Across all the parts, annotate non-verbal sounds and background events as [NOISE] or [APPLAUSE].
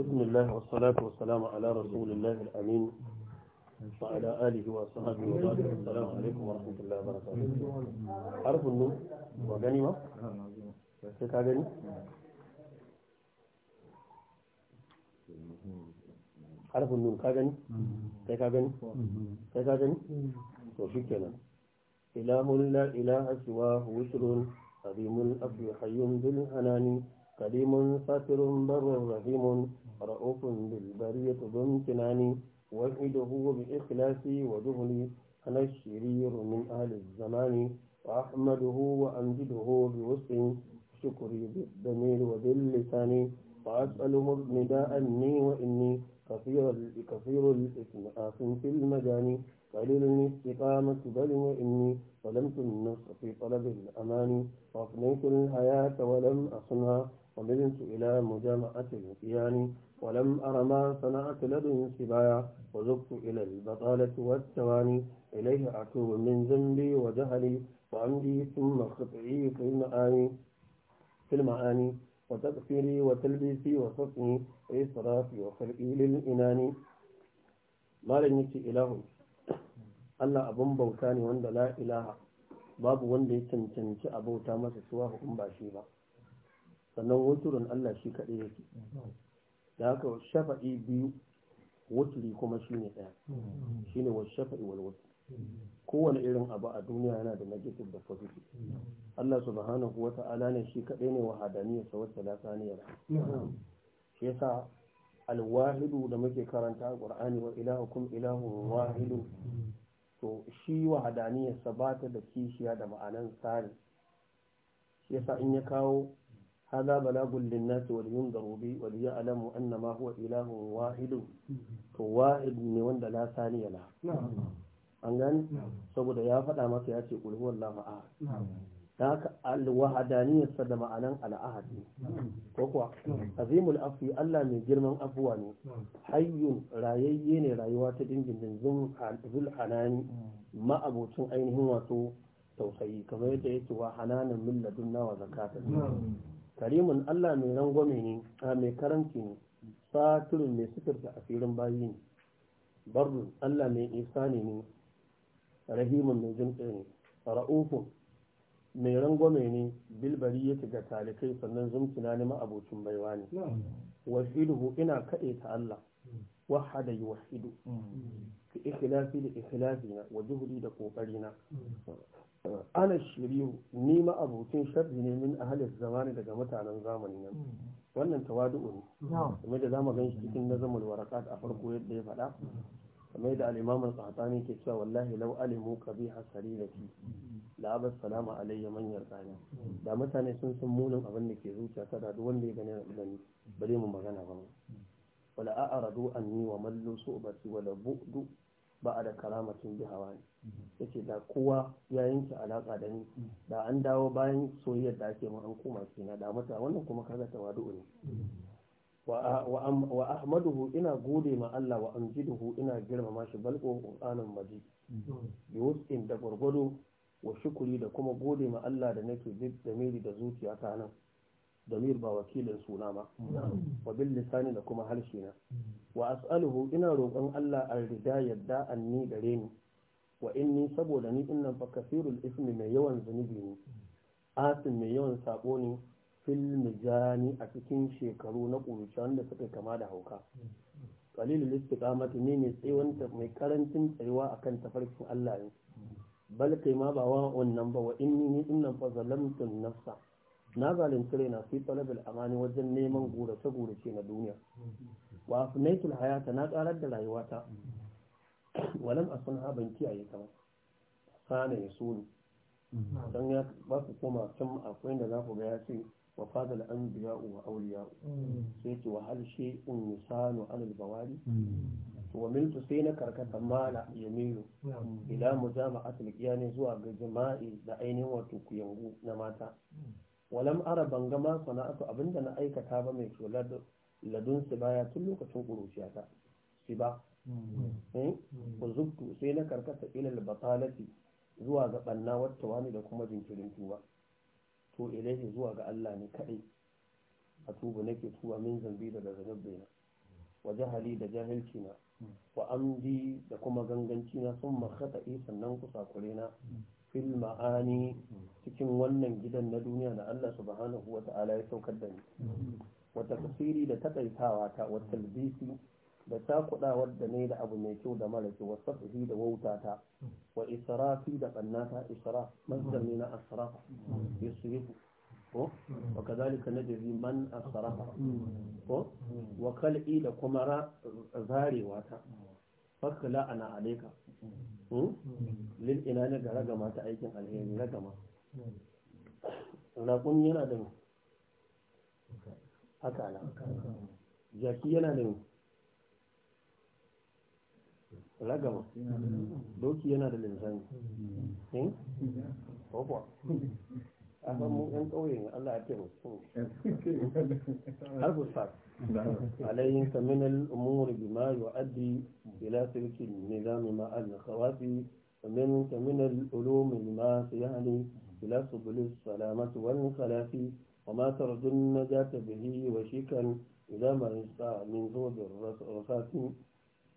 بسم الله والصلاة والسلام على رسول الله الأمين وعلى آله وصحبه وبارك السلام عليكم ورحمة الله وبركاته عرف النوم وغنيمة كيف غني عرف النوم كغني كيف غني كيف غني وشكرا إله لا إله سواه وسر عظيم الأب حي بالحنان كريم ساتر بر رحيم رؤوف بالبرية ذو امتناني وحده بإخلاصي وجهلي أنا الشرير من أهل الزمان وأحمده وأمجده بوسع شكري بالضمير وباللسان وأسأله النداء أني وإني كثير كثير الإثم في المجاني قليلني استقامة بل وإني ظلمت النفس في طلب الأمان وأفنيت الحياة ولم أصنها قبلت إلى مجامعة الوفيان ولم أر ما صنعت لدي سبايا وزبت إلى البطالة والتواني إليه أتوب من ذنبي وجهلي وعندي ثم خطئي في المعاني في المعاني وتغفيري وتلبيسي وحسني وإسرافي وخلقي للإنان ما لن يكي إله ألا أبن بوتاني وند لا إله باب babu wanda ya cancanci abauta أم باشيبا sannan wuturin Allah shi kaɗai yake da haka shafa'i biyu wuturi kuma shi ne ɗaya shi ne wasu shafa'i walwutu kowane irin abu a duniya yana da negative da positive Allah subhanahu wa ta'ala ne shi kaɗai ne hadaniya sa wata la shi yasa alwahidu da muke karanta a qur'ani wa ilahukum ilahun wahidu to shi wa hadaniya sa ba ta da kishiya da ma'anan tsari shi yasa in ya kawo هذا بلاغ للناس ولينذروا به وليعلموا أن ما هو إله واحد واحد من وند لا ثاني له نعم أنغان saboda ya faɗa masa ya ce kul huwallahu ahad haka alwahadaniyar sa da ma'anan al'ahadi ko kuwa azimul afi Allah mai girman afuwa ne hayyun rayayye ne rayuwa ta dindindin zul hanani ma'abocin ainihin wato tausayi kamar yadda yake wa hananan min ladunna wa zakatan karimun Allah mai rangwame ne a mai karanci ne satirin mai suturta a filin bayi ne barrun Allah mai isa ne rahimun mai jinƙe ne ra'ufun mai rangwame ne bilbari yake ga talikai sannan zumkina ne ma'abocin baiwa ne wahiduhu ina kaɗe ta Allah hmm. wahada yi wahidu hmm. ka ikhlasi da ikhlasi na wa juhudi da kokari na ana shiriyu ni ma abokin sharri ne min ahli zamani daga mutanen zamani nan wannan tawadu'u ne kuma da zamu gan shi cikin nazamul warakat a farko yadda ya faɗa kuma da al-imam al-qahtani ke cewa wallahi law alimu qabiha sarirati la abas salama alayya man yarqani da mutane sun san munin abin da ke zuciya ta da wanda ya gani gani bare mu magana ba wala a'radu anni wa mallu su'bati wala bu'du ba'da karamatin bi hawani yace da kowa ya yanke alaka da ni da an dawo bayan soyayyar da ake mun an koma kina da mata wannan kuma kaga tawadu ne wa ahmaduhu ina gode ma Allah wa amjiduhu ina girmama shi balqo qur'anan majid bi wasqin da gurgudu wa shukuri da kuma gode ma Allah da nake da miri da zuciya ta nan damir ba wakilin suna ba wa bil lisani da kuma harshe na wa as'aluhu ina roƙon Allah an rida yadda anni gare ni wa inni saboda ni innan fa kasirul ismi mai yawan zunubi ne asin mai yawan saƙo ne fil mijani a cikin shekaru na ƙuruciya wanda suka kama da hauka qalilul istiqamati ne mai tsayawanta mai karancin tsayuwa akan tafarkin Allah ne bal kai ma ba wa wannan ba wa inni ni innan fa zalamtu nafsa na zalunci raina fi talabil amani wajen neman gurace gurace na duniya wa afnaitul hayata na karar da rayuwata walam a sun ban kiyaye ta sana ya sulu dan ya ba su koma can akwai da za ku ga ya ce wa fadal biya wa auliya sai ce wa hal shay'un yusanu anil bawari sai na mala ya وملت سينا كركة مالا zuwa ga مجامعة da ainihin جماعي دعيني na mata. walam ara banga ma sana'atu abinda na aikata ba mai kula ladun su baya tun lokacin ta shi ba ku hmm. eh? hmm. zubtu sai na karkata ilal batalati zuwa ga banna wacce wani da kuma jinkirin tuba to ilaihi zuwa ga Allah ne kadai a tuba nake tuba min zambi daga zanabbe na wa jahali da jahilci na hmm. wa amdi da kuma ganganci na sun makata sannan kusa na fil ma'ani cikin wannan gidan na duniya da Allah subhanahu wa ta'ala ya saukar da ni wa tafsiri da takaitawa ta wa talbisi da takudawar da ne da abu mai kyau da mara kyau wa safihi da ta wa israfi da ta israf masdar ne na asraf yusufu ko wa kazalika najzi man asrafa ko wa kal'i da kuma zarewa ta fakla ana alaika Hmm? lil ina ne ga ragama ta aikin alheri ragama raƙun yana da akala jaki yana da ragama doki yana da linzami hmm? أفهم [LAUGHS] نعم. من الأمور بما يؤدي إلى سلك النظام مع أدنى خواتي من العلوم بما يعني إلى سبل السلامة والانخلاف وما ترد النجاة به وشيكا إلى ما يسعى من زود الرفات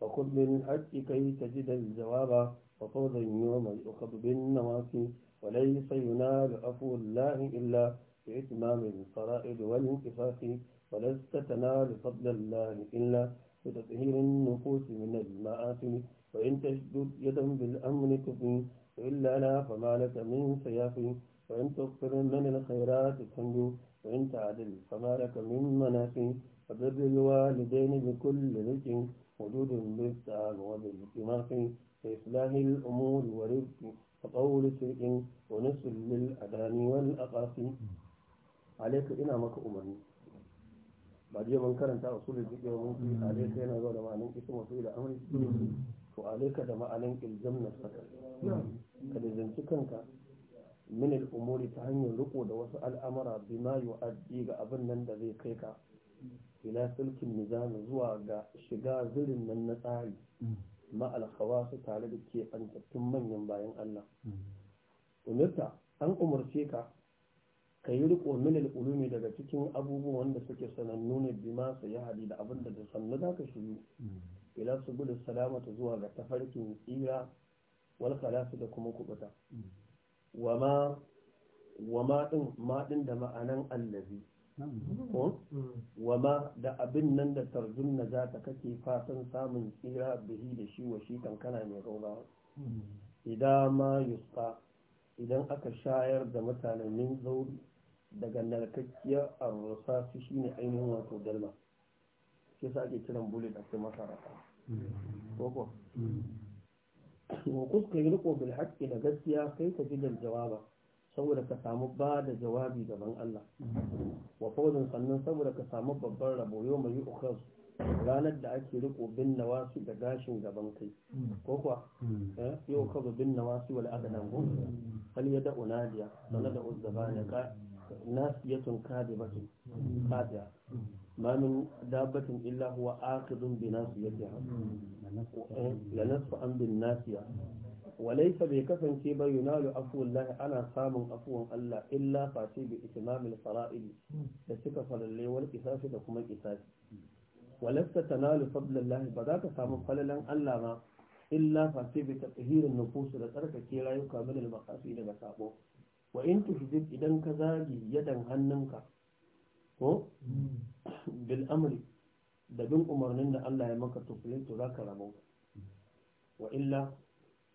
وخذ من حج كي تجد الجواب وفوضا يوم يؤخذ بالنواصي وليس ينال عفو الله إلا بإتمام الفرائض والانكفاف ولست تنال فضل الله إلا بتطهير النفوس من المآثم وإن تشدد يدا بالأمر تفي وإلا لا فما لك من سياف وإن تغفر من الخيرات تنجو وإن تعدل فما لك من منافي فبر الوالدين بكل رزق وجود بالسعاد وبالإماق في إصلاح الأمور ورزق فطول سوء ونسل للأداني والأقاسي عليك إنا مك أمني بعد يوم أنت أصول الفقه ومنكي عليك إنا ذو ما أنك إسم وسوء أمري وعليك لما أنك الزمن نفسك كالزمت أنت من الأمور تهني الرقود وسأل أمر بما يؤدي أبنا الذي كيك إلى سلك النظام زوى شقا زل من نتعي ma su tare da ke ɓantattun manyan bayan Allah hmm. umirta an umarce ka ka yi riko minal ulumi daga cikin abubuwan da suke sanannu ne bi su ya hadi da abin da da sannu za ka shiru hmm. ila su gudu salamata zuwa ga tafarkin tsira wal khalasu da kuma kubuta hmm. wa ma, din ma din da ma'anan allazi wama da abin nan da tarjun na za ta kake fatan samun tsira bihi da shi wa shi kankana mai rauna idan ma yusfa idan aka shayar da mutanen min zauri daga narkakkiyar arrusa su shi ne ainihin wato dalma ke sa ake kiran da a kai masaraka koko wa ka yi riko bil haƙƙi da gaskiya kai ka ji jawaba saboda ka samu ba da jawabi gaban Allah fawzin sannan saboda ka samu babban rabo yau mai ukras ranar da ake riko bin nawasi da gashin gaban kai mm. ko kuwa mm. eh, yau ka bin nawasi wal adanan ko mm. hali ya da'u nadiya sana da uzzabana ka nasiyatun kadibatun kadiya ma min dabbatin illa huwa akhidun bi nasiyatiha eh, la nasfa an bin nasiya walaisa bai kasance ba yunalu afuwallahi ana samun afuwan Allah illa face bi itimamil fara'ili da suka falalle wal kisasi da kuma ta walasta tanalu fadlallahi ba za ka samu falalan Allah ma illa face bi tatahirin nufusu da tsarkake rayuka min al daga sabo wa in tuhzib idan ka zagi yadan hannunka ko bil amri da bin umarnin da Allah ya maka tuflin to ka rabu wa illa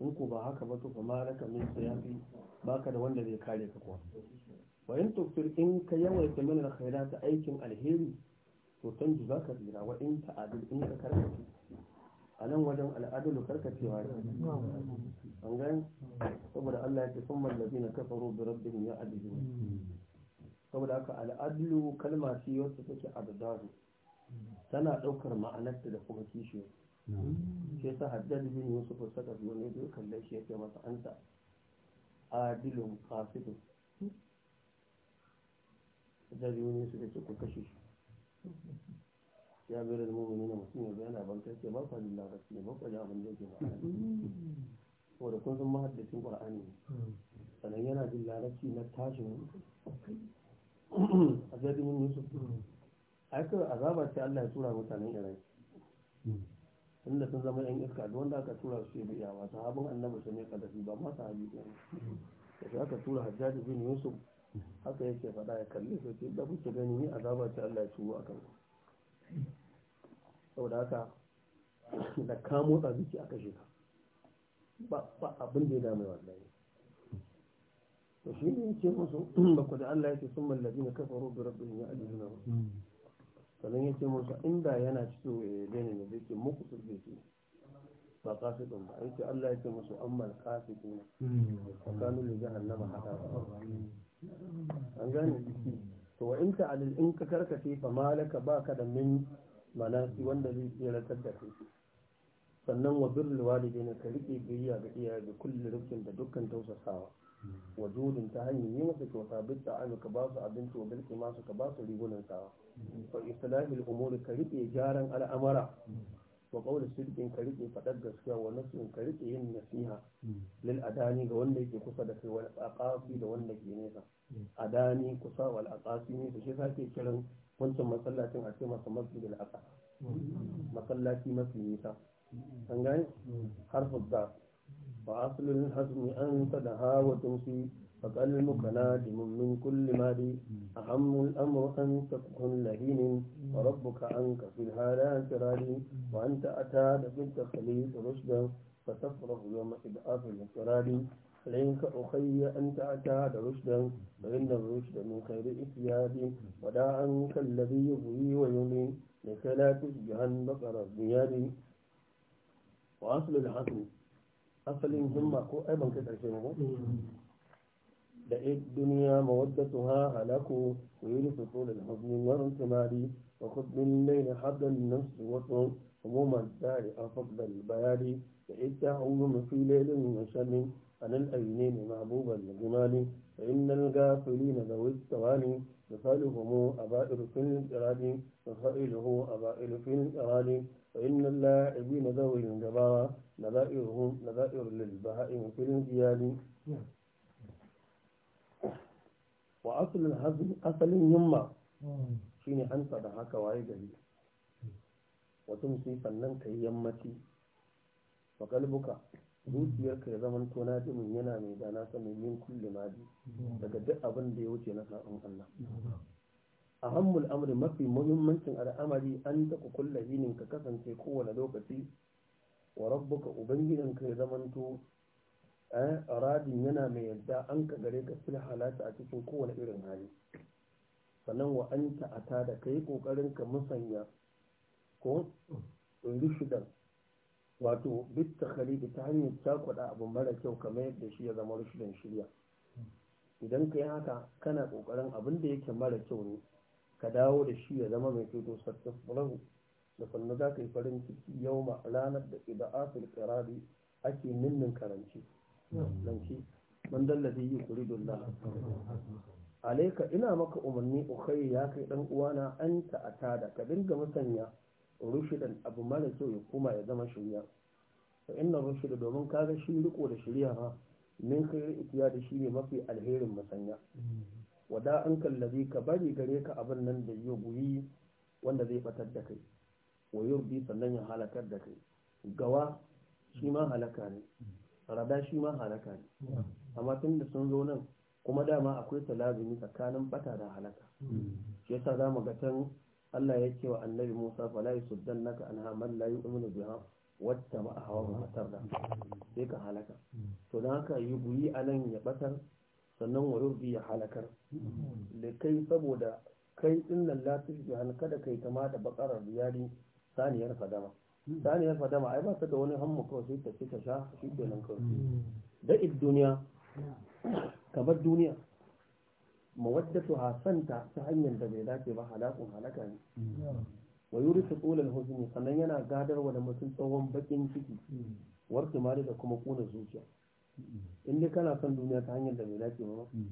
in ku ba haka ba to fa malaka min sayafi baka da wanda zai kare ka kuwa wa in tuktir in ka yawaita min ta aikin alheri to tanju zaka tsira wa in ta'adil in ka karkace a nan wajen al'adalu karkacewa ne an gan saboda Allah ya ce sun mallabi na kafaro bi rabbihim ya adilu saboda haka al'adalu kalma ce wacce take abdaru tana daukar ma'anarta da kuma kishiyar shi yasa haddad bin yusuf saka zuwa ne da kallon shi yake masa anta adilun qasidun da yuni su ce ku kashe shi ya bayar da mummuni na mutum ya bayana ban kai ce ba ku halin lagarci ne ba ku da abin da yake ma'ana saboda kun san mahaddacin ƙwar'ani ne hmm. sannan yana jin larabci na tashin a zai yusuf hmm. aikar azaba ce allah ya tura mutanen iran hmm. inda sun zama yan iska duk wanda aka tura su bai yawa sahabin annabi su ne kadafi ba ma sahabi ne da shi aka tura hajjaj bin yusuf haka yake faɗa ya kalli su ce da kuke gani ni azaba ce Allah ya tuwo akan ku saboda haka da ka motsa zuci aka shiga ba ba abin da ya dame wallahi to shi ne ce musu ba ku da Allah yake sun mallabi na kafaru bi rabbihim ya'lamuna hmm. sannan ya ce musu inda yana cikin ya yabe ne da ke muku su ce ba kasikin ba yake Allah ya ce musu ammal kasikin a tsakanin da mahaɗa ba an gane to wa in ta'alil in ka karkace fa malaka ba ka da min manasi wanda zai tsiratar da kai sannan wa birrul na ka rike biyya ga iyaye da kullu rukun da dukkan tausasawa wa ta hanyar yi masa kyauta duk da ka ba su abinci wa bilki masu ka ba su rigunan sawa fa islahil umuri ka riƙe gyaran al'amara wa ƙaunar sirkin ka riƙe faɗar gaskiya wa nasu ka riƙe yin nasiha lil adani ga wanda yake kusa da kai wani tsakafi da wanda ke nesa adani kusa wal ne nesa shi sake kiran wancan masallacin a ce masa masjidil aƙa masallaci mafi nisa an gani harfin da وأصل الحسم أن لها وتنسي فقلبك نادم من كل مال أهم الأمر أن تكون لهين وربك عنك في الهالة سرالي وأنت أتى بنت خليل رشدا فتفرغ يوم إبعاث الكرالي عليك أخي أنت أتى رشدا فإن الرشد من خير إسياد ودع عنك الذي يغوي ويمي لك لا تشبهن بقر الديار وأصل الحسن asalin himma ko aiban kai ƙarshen mu da ya duniya mawaddatu ha halaku wa yi nufin tsoro da hazmi warin tunari wa kudin laila haɗar nasu wasu umuman tsari a fadar bayani da ya ta hauru mafi lailin na a nan aine ne na jimali da jimani da inda ga fili na da wasu tsawani da salihu mu a ba'ir da sa'ilu a ba'ir fil tsirani فإن اللاعبين ذوي الجبارة نذائرهم نذائر للبهائم في الانقياد وأصل الهزم أصل يما شيني أنت دهاك وعيدني وتمسي فننك يمتي وقلبك zuciyarka ya zama tona dimin yana mai dana sanin min ma ji daga duk abin da ya wuce na sa'an Allah ahammul amri mafi muhimmancin al'amari an taku kulla hinin ka kasance kowane lokaci wa rabbuka ubangijinka ya zamanto a eh, radin yana mai yadda an ka gare ka fil halata a cikin kowane irin hali sannan wa an ta'ata da kai kokarin ka musanya ko rishidan wato bit da ta hanyar cakuɗa abu mara kyau kamar yadda shi ya zama rishidan shirya idan ka yi haka kana kokarin abin da yake mara kyau ne ka dawo da shi ya zama mai fito sattar rahu da sannu za ka yi farin ciki yau ma ranar da ida'atul kirari ake ninnin karanci lanci man dallazi yi kuridullah alaika ina maka umarni ukai ya kai dan uwana an ta'ata da ka dinga musanya rushidan abu mara kyau ya kuma ya zama shirya fa inna rushida domin ga shi riko da shirya ma min kai itiya da shi ne mafi alherin musanya wada an kallabi ka bari gare ka abin nan da ya guyi wanda zai batar da kai wa yurdi sannan ya halakar da kai gawa shi ma halaka ne rada shi ma halaka ne amma tun da sun zo nan kuma dama akwai talazumi tsakanin bata da halaka shi yasa za mu ga tan Allah ya ce wa annabi Musa fala yusaddannaka anha man la yu'minu biha wata ma'ahawa ba matar da sai ka halaka to don haka yi guyi a nan ya batar sannan wa rubi ya halakar da kai saboda kai dinnan latif bi han kada kai kama da bakarar riyadi saniyar fadama saniyar fadama ai ba ta da wani hammu kawai sai ta ce ta sha shi nan kawai da id duniya kamar duniya mawaddatu hasanta ta hanyar da bai dace ba halakun halaka ne wa yurisu qulal huzni sannan yana gadarwa da mutum tsawon bakin ciki warkimari da kuma kuna zuciya in dai kana son duniya ta hanyar da bai dace ba mm.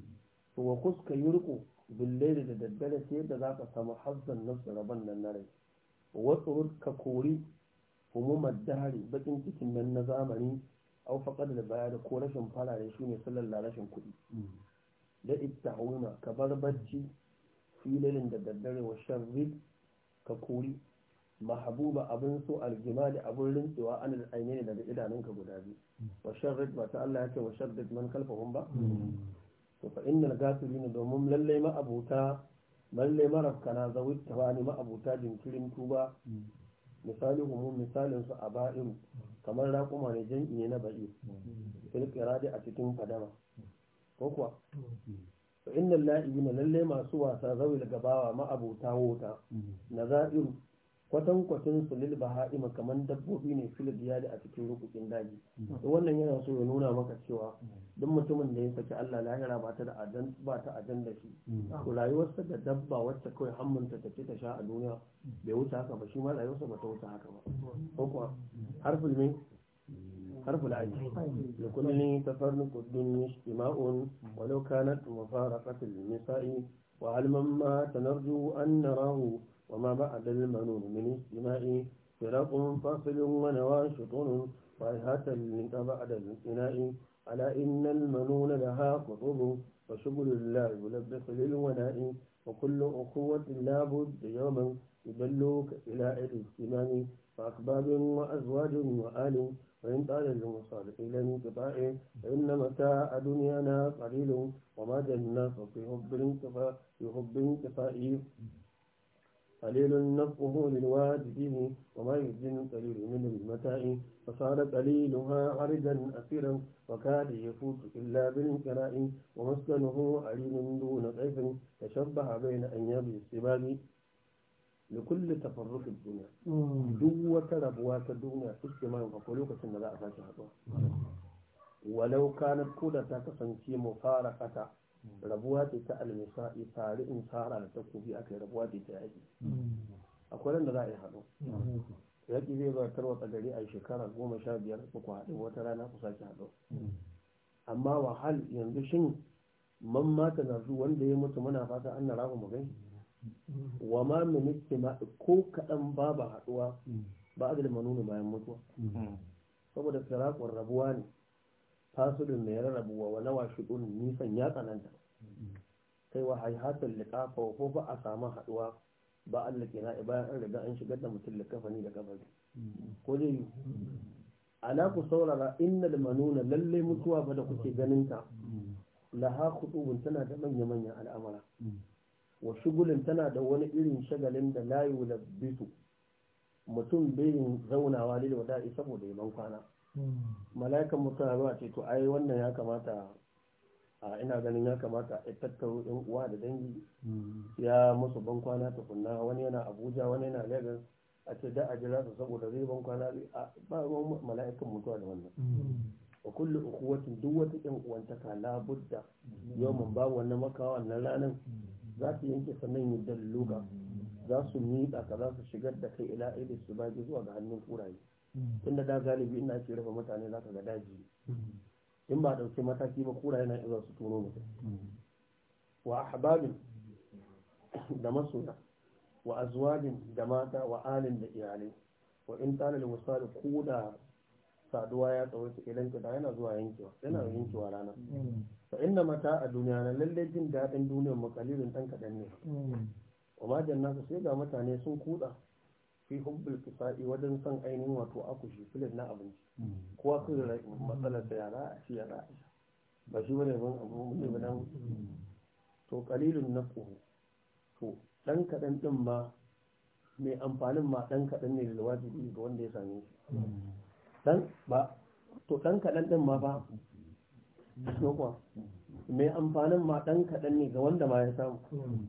to wa kuska yurku billahi da daddare sai yadda za ka samu hazzan nafsu rabon nan na rai wa ka kori humumar dahari bakin cikin nan na zamani au da baya da ko rashin farare shine sallar rashin kuɗi da mm. ittahuna ka bar barci filin da daddare wa sharri ka kori mahabuba abin so aljima da abin rintsewa an ainihin daga idanunka guda biyu wa ba ta Allah ya ce wa sharrid man kalfahum ba hmm. to fa innal gafilin domin lalle ma abuta lalle marafkana zawit tawani ma abuta jinkirin tuba hmm. misali humu misalin su a ba'in kamar raƙuma ne jan'iye na ba'i hmm. fil qiradi a cikin fadama ko kuwa fa innal la'ibina lalle masu wasa zawil gabawa ma abuta wuta nazairu kwatan su lil baha'ima kamar dabbobi ne fil da a cikin rukukin daji to wannan yana so ya nuna maka cewa duk mutumin da ya saki Allah lahira ba ta da adan ba ta adan da shi to rayuwarsa da dabba wacce kawai hammunta ta ta sha a duniya bai wuce haka ba shi ma sa ba ta wuce haka ba ko kuwa harful min harful ayi da kullum tafarnuqu dunya istima'un walau kanat mufaraqatil nisa'i wa hal ma tanarju an narahu وما بعد المنون من اجتماع فرق فاصل ونواشط وإهات من بعد الانتناء على إن المنون لها قطب وشبل لا يلبس للوناء وكل أخوة لا بد يوما يبلوك إلى الاجتماع فأحباب وأزواج وآل وإن قال المصالح إلى انقطاع فإن متاع دنيانا قليل وما جنى ففي حب الانتفاء في حب الانتفاء قليل نصفه للواجب يزن قليل منه المتاع فصار قليلها عرجا أسيرا وكاد يفوت إلا بالكراء ومسكنه عليل دون ضعف تشبه بين أنياب السباب لكل تفرق الدنيا دوة ربوات الدنيا تجتمع وقلوك سنة لا أفاتها ولو كانت كلها تكسن في مفارقة Mm. rabuwa ce ta almisa isari in tsara da takobi aka yi rabuwa ce ta yaki mm. akwai nan da za a yi haɗu mm. yaƙi zai zuwa tarwatsa gari a shekara goma sha biyar ku haɗu wata rana ku sake haɗu amma wahal yanzu shin man mata na wanda ya mutu muna fata an na rafa mu gai wa ma ministi ma ko kaɗan babu haɗuwa ba adal manuni bayan mutuwa saboda sarakon rabuwa ne fasudin mai rarrabuwa wa nawa nisan ya tsananta sai wa haihatul liqa fa ko ba a samu haduwa ba Allah kina bayan an riga an shigar da mutum ni da kabari ko dai ana ku saurara innal manuna lallai mutuwa ba da kuke ganin ta laha khutubun tana da manya manyan al'amara wa shugulin tana da wani irin shagalin da la bitu. mutum bai zaunawa da wada'i saboda yaban kwana mala'ikan mutuwa ce to ai wannan ya kamata a ina ganin ya kamata a tattaro yan uwa da dangi hmm. ya musu ban kwana tukunna wani yana abuja wani yana lagos a ce da a jira su saboda zai ban kwana ba ruwan mala'ikan mutuwa da wannan hmm. a kullu ukhuwatin duk wata yan ta la budda yau babu wannan makawa na ranar hmm. za ta yanke sannan dan dalluga za su miƙa ka za su shigar da kai ila ilis su bage zuwa ga hannun kuraye tunda da galibi ina ce rufe mutane za ka ga daji in ba ɗauki mataki ba kura yana iya su tono mutum wa ahbabin da masoya wa azwajin da mata wa alin da iyalai wa in tana da misali da da saduwa ya tsawo su idan ka yana zuwa yankewa yana mm. yankewa rana mm. fa inna mata a duniya na lalle jin daɗin duniyar makalilin ɗan kaɗan ne mm. wa majan nasa sai ga mutane sun kuɗa fi hubbul kisa'i wajen son ainihin wato akushi filin na abinci mm. kowa su rai matsalar da yara a ci yara a sha ba shi bane ban abu ne ba dan to na naqu to dan kadan din ma mai amfanin ma dan kadan ne da wajibi ga wanda ya same shi dan mm. ba to dan kadan din ma ba so mai amfanin ma dan kadan ne ga wanda ma ya samu mm.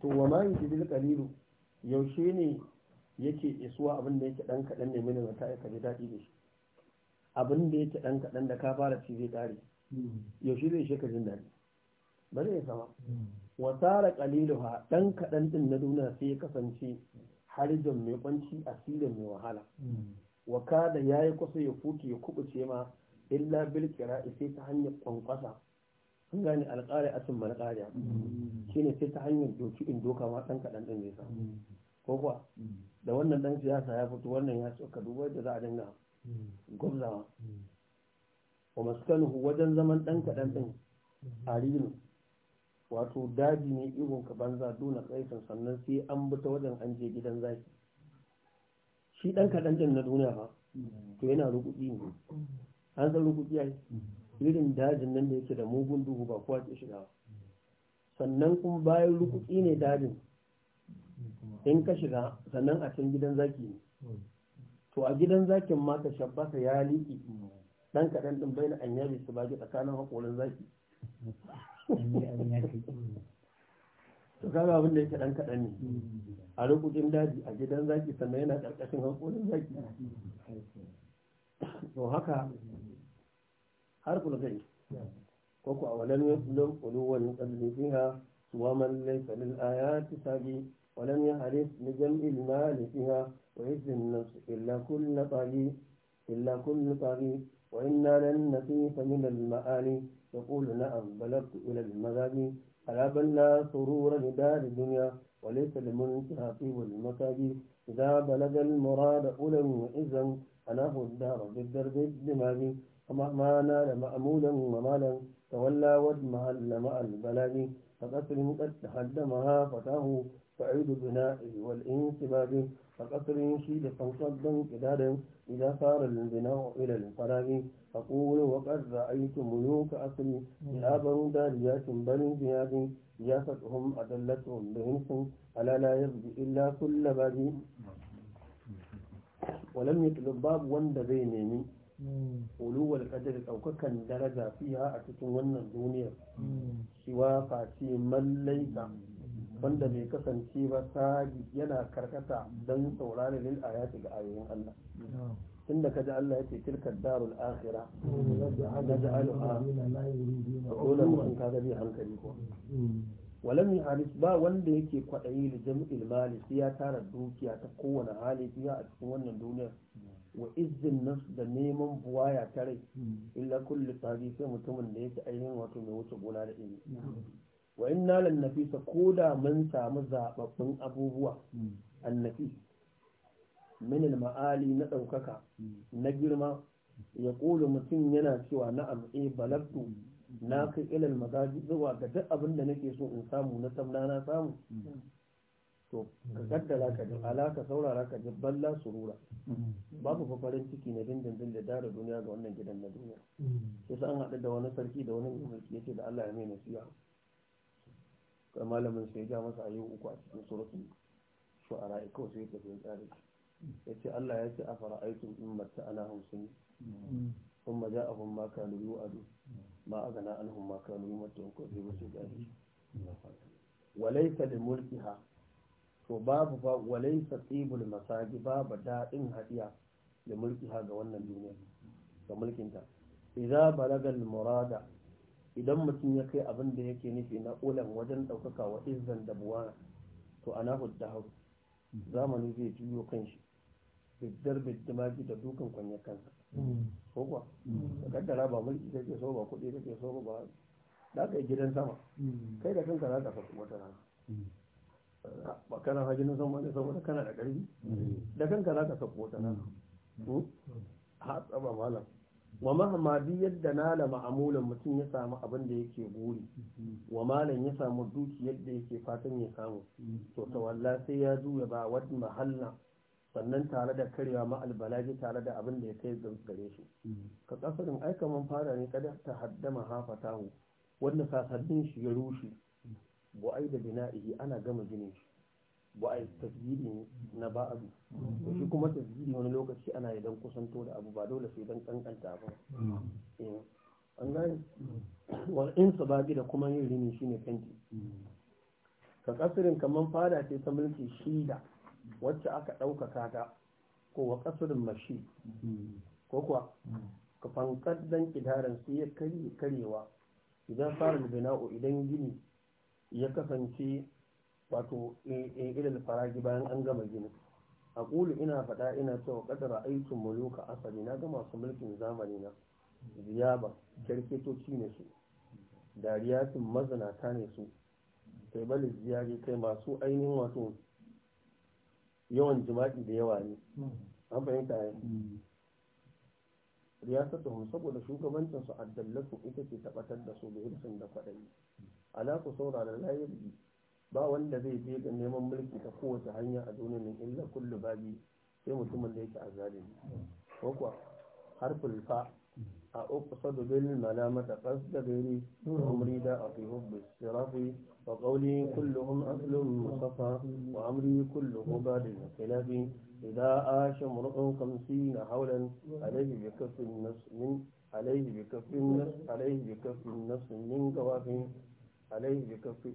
to wa ma yujidil kalilu yaushe ne yake isuwa abin da yake dan kaɗan ne mini zata ka daɗi da shi abin da yake dan kaɗan da ka fara ci zai ƙare hmm. yaushe zai shi jin daɗi ba zai sama hmm. wasara qaliluha dan kaɗan din na duniya sai ya kasance harjan mai kwanci asirin mai wahala hmm. wa ya yayi kusa ya fuke ya kubuce ma illa bil qira'i sai ta hanyar kwankwasa sun gane alƙari asin malƙariya shine sai ta hanyar doki in doka ma dan kaɗan din zai samu ko kuwa da wannan dan siyasa ya fito wannan ya so ka duba da za a dinga gwamzawa wa maskanuhu wajen zaman dan kaɗan ɗin arino wato daji ne igon ka banza duna kaisan sannan sai an bi ta wajen an je gidan zaki shi dan kaɗan ɗin na duniya fa to yana rukuɗi ne an san rukuɗi ai irin dajin nan da yake da mugun duhu ba kowa ke shiga sannan kuma bayan rukuɗi ne dajin in ka shiga sannan a can gidan zaki ne to a gidan zakin ma ka ka ya liƙi dan kaɗan ɗin bai na an yabe su baki tsakanin haƙorin zaki to kaga abin da yake ɗan kaɗan ne a rukudin daji a gidan zaki sannan yana ƙarƙashin haƙorin zaki to haka har kula zai ko ku a wannan wani ƙuluwan ƙarfi fiha wa man laysa lil ayati sabi ولم يحرص لجمع المال فيها وعز النفس إلا كل طاغي إلا كل طاغي وإنا لن نخيف من المآلي يقول نعم بلغت إلى المغادي ألا بلى سرور لدار الدنيا وليس لمنتهى طيب المكاجي إذا بلغ المراد أولا وعزا أناه الدار بالدرب الدماغي ومهما نال مأمولا ومالا تولى وادمها لما البلاغي فقسر قد تحدمها فتاه فعيد بنائه والانتباب فقصر شيد فانصدا قدادا إذا صار البناء إلى الفراغ فقول وقد رأيت ملوك أصل ذهابا ليات بل ثياب جافتهم أدلتهم بهنس ألا لا يبدي إلا كل بادي ولم يطلب باب وند بينيني ولو القدر أو كان درجة فيها أتتون الدنيا سوى فاتي من ليس wanda bai kasance ba sabi yana karkata don saurari lil ayati ga ayoyin Allah tunda ka ji Allah ya ce tilka darul akhira da ja'aluha dole mun ka gabi hankali ko walam yuharis ba wanda yake kwadayi da jam'il mali sai ya tara dukiya ta kowane hali biya a cikin wannan duniyar wa izzin nas da neman buwaya ta rai illa kulli sai mutumin da yake ainihin wato mai wuce gona da ilimi wa inna lan nafisa ko da mun samu zababbun abubuwa annafi min al ma'ali na daukaka na girma ya kula mutum yana cewa na'am e eh, balatu na kai ilal magaji zuwa ga duk abin da nake so in samu na tamna na samu to ka kaddara ka ji alaka saurara ka ji balla surura babu fa farin ciki na dindindin da dara duniya ga wannan gidan na duniya sai an haɗu da wani sarki da wani mulki yace da Allah ya mai nasiha kai malamin sai ya masa ayu uku a cikin suratul shu'ara kawai sai ya tafi tsare ya ce Allah ya ce afara aikin in matta ana hausin kuma ja'ahum ma kanu yu'adu ma agana anhum ma kanu yumattun ko sai ba su gani walaysa li mulkiha to babu ba walaysa tibul masaji babu dadin hadiya da mulkiha ga wannan duniya ga mulkinta idza balagal murada idan mutum ya kai abin da yake nufi na ulan wajen ɗaukaka wa izan da buwana to ana hudda hau zamani zai juyo kan shi biddar biddimaki da dukan kwanyar kansa ko kuwa da kaddara ba mulki ke so ba kuɗi ke so ba ba. da ka yi gidan sama kai da kanka za ka fasu wata rana ba kana fa na sama ne saboda kana da ƙarfi da kanka za ka fasu wata rana hmm? ha tsaba malam wa mahama bi yadda nala ma'amulan mutum ya samu abin da yake guri wa malan ya samu duki yadda yake fatan ya samu to tawalla sai ya juya ba wata mahalla sannan tare da karewa ma'albalaji tare da abin da ya kai gare shi ka kasarin aika mun fara ne kada ta haddama hafatahu wanda sasannin shi ya rushe bu'ai da bina'ihi ana gama ginin shi ba a tasiri na ba'adu shi kuma tasiri wani lokaci ana idan kusanto da abu ba dole sai don kankanta ba eh, an gani wal'in da kuma yin rini shine fenti ka kasirin kamar fada ce ta mulki shida wacce aka ɗaukaka ta ko wa kasirin mashi ko kuwa ka fankar dan kidaran sai ya karye karewa idan fara bina'u idan gini ya kasance wato ilil faragi bayan an gama gini a ƙulu ina faɗa ina cewa ƙadara aikin muluka asali na ga masu mulkin zamani na ziyaba kyarketoci ne su dariyatin mazinata ne su kai bali ziyari kai masu ainihin wato yawan jima'i da yawa ne an fahimta ya riyasatuhum saboda shugabancin su addallatu ita ce tabbatar da su da hirsin da kwaɗayi alaku saurara layar ba wanda zai je ga neman mulki ta kowace hanya a duniya nan illa kullu babi sai mutumin da yake azalimi ko kuwa harfin fa a uku uqsad bil malamata qasda ghairi umri da fi hubbi sirafi wa qawli kulluhum aslun musafa wa amri kullu badil khilafi idza asha mur'un kamsina hawlan alayhi bi kasbin nas min alayhi bi kasbin nas alayhi bi kasbin nas min gawafin عليه بكف